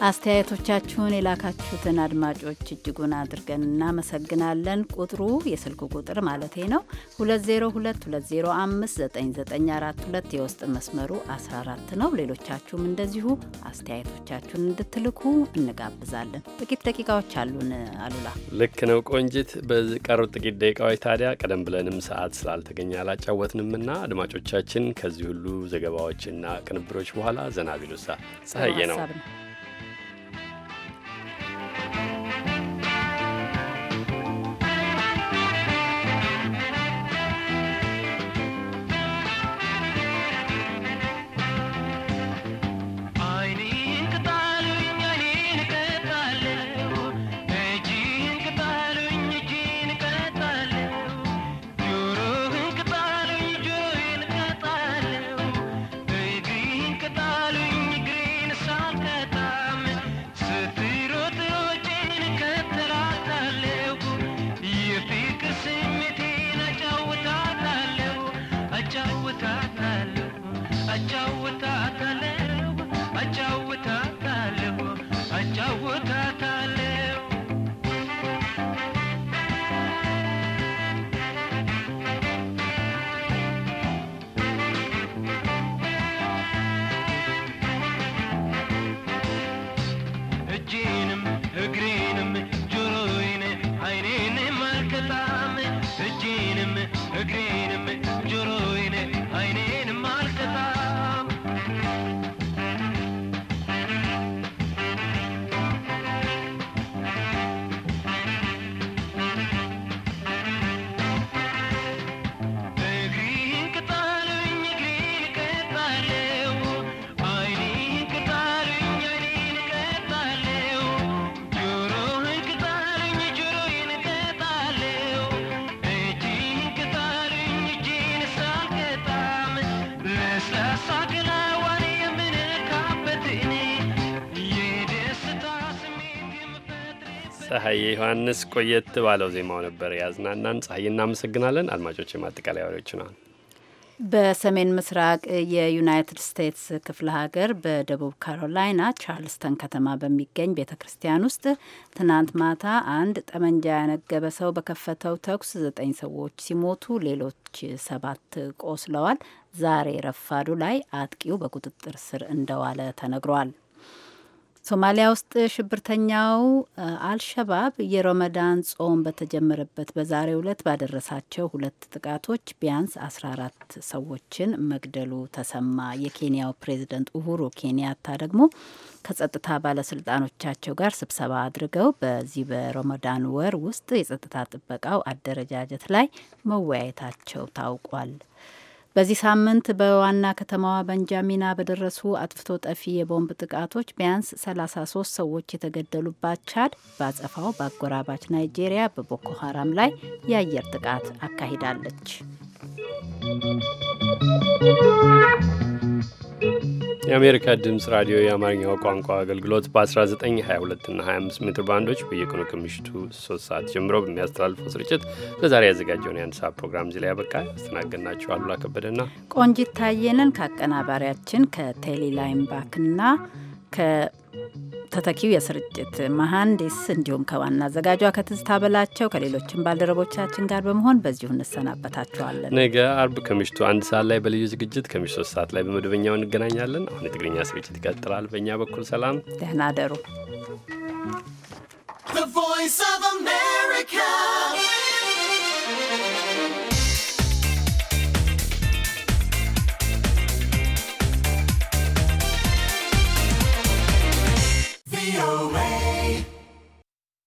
አስተያየቶቻችሁን የላካችሁትን አድማጮች እጅጉን አድርገን እናመሰግናለን። ቁጥሩ የስልክ ቁጥር ማለቴ ነው 2022059942 የውስጥ መስመሩ 14 ነው። ሌሎቻችሁም እንደዚሁ አስተያየቶቻችሁን እንድትልኩ እንጋብዛለን። ጥቂት ደቂቃዎች አሉን። አሉላ ልክ ነው ቆንጂት። በቀሩት ጥቂት ደቂቃዎች ታዲያ ቀደም ብለንም ሰዓት ስላልተገኘ አላጫወትንም አድማጮቻችን ከዚህ ሁሉ ዘገባዎችና ቅንብሮች በኋላ ዘና ቢሉሳ ጸሀዬ ነው thank you ፀሐዬ ዮሐንስ ቆየት ባለው ዜማው ነበር ያዝናናን። ፀሐዬ እናመሰግናለን። አድማጮች የማጠቃለያ ወሬዎች ነዋል። በሰሜን ምስራቅ የዩናይትድ ስቴትስ ክፍለ ሀገር በደቡብ ካሮላይና ቻርልስተን ከተማ በሚገኝ ቤተ ክርስቲያን ውስጥ ትናንት ማታ አንድ ጠመንጃ ያነገበ ሰው በከፈተው ተኩስ ዘጠኝ ሰዎች ሲሞቱ ሌሎች ሰባት ቆስለዋል። ዛሬ ረፋዱ ላይ አጥቂው በቁጥጥር ስር እንደዋለ ተነግሯል። ሶማሊያ ውስጥ ሽብርተኛው አልሸባብ የሮመዳን ጾም በተጀመረበት በዛሬው ዕለት ባደረሳቸው ሁለት ጥቃቶች ቢያንስ 14 ሰዎችን መግደሉ ተሰማ። የኬንያው ፕሬዝደንት ኡሁሩ ኬንያታ ደግሞ ከጸጥታ ባለስልጣኖቻቸው ጋር ስብሰባ አድርገው በዚህ በሮመዳን ወር ውስጥ የጸጥታ ጥበቃው አደረጃጀት ላይ መወያየታቸው ታውቋል። በዚህ ሳምንት በዋና ከተማዋ በንጃሚና በደረሱ አጥፍቶ ጠፊ የቦምብ ጥቃቶች ቢያንስ 33 ሰዎች የተገደሉባት ቻድ በአጸፋው በአጎራባች ናይጄሪያ በቦኮ ሀራም ላይ የአየር ጥቃት አካሂዳለች። የአሜሪካ ድምፅ ራዲዮ የአማርኛው ቋንቋ አገልግሎት በ1922 እና 25 ሜትር ባንዶች በየቀኑ ከምሽቱ 3 ሰዓት ጀምሮ በሚያስተላልፈው ስርጭት ለዛሬ ያዘጋጀውን የአንድ ሰዓት ፕሮግራም እዚህ ላይ ያበቃ። ያስተናገድናችሁ አሉላ ከበደና ቆንጂት ታየንን ከአቀናባሪያችን ከቴሌ ላይምባክና ከተተኪው የስርጭት መሐንዲስ እንዲሁም ከዋና አዘጋጇ ከትዝታ በላቸው ከሌሎችም ባልደረቦቻችን ጋር በመሆን በዚሁ እንሰናበታችኋለን። ነገ አርብ ከምሽቱ አንድ ሰዓት ላይ በልዩ ዝግጅት ከምሽቱ ሶስት ሰዓት ላይ በመደበኛው እንገናኛለን። አሁን የትግርኛ ስርጭት ይቀጥላል። በእኛ በኩል ሰላም፣ ደህና ደሩ። The voice of America. VOA.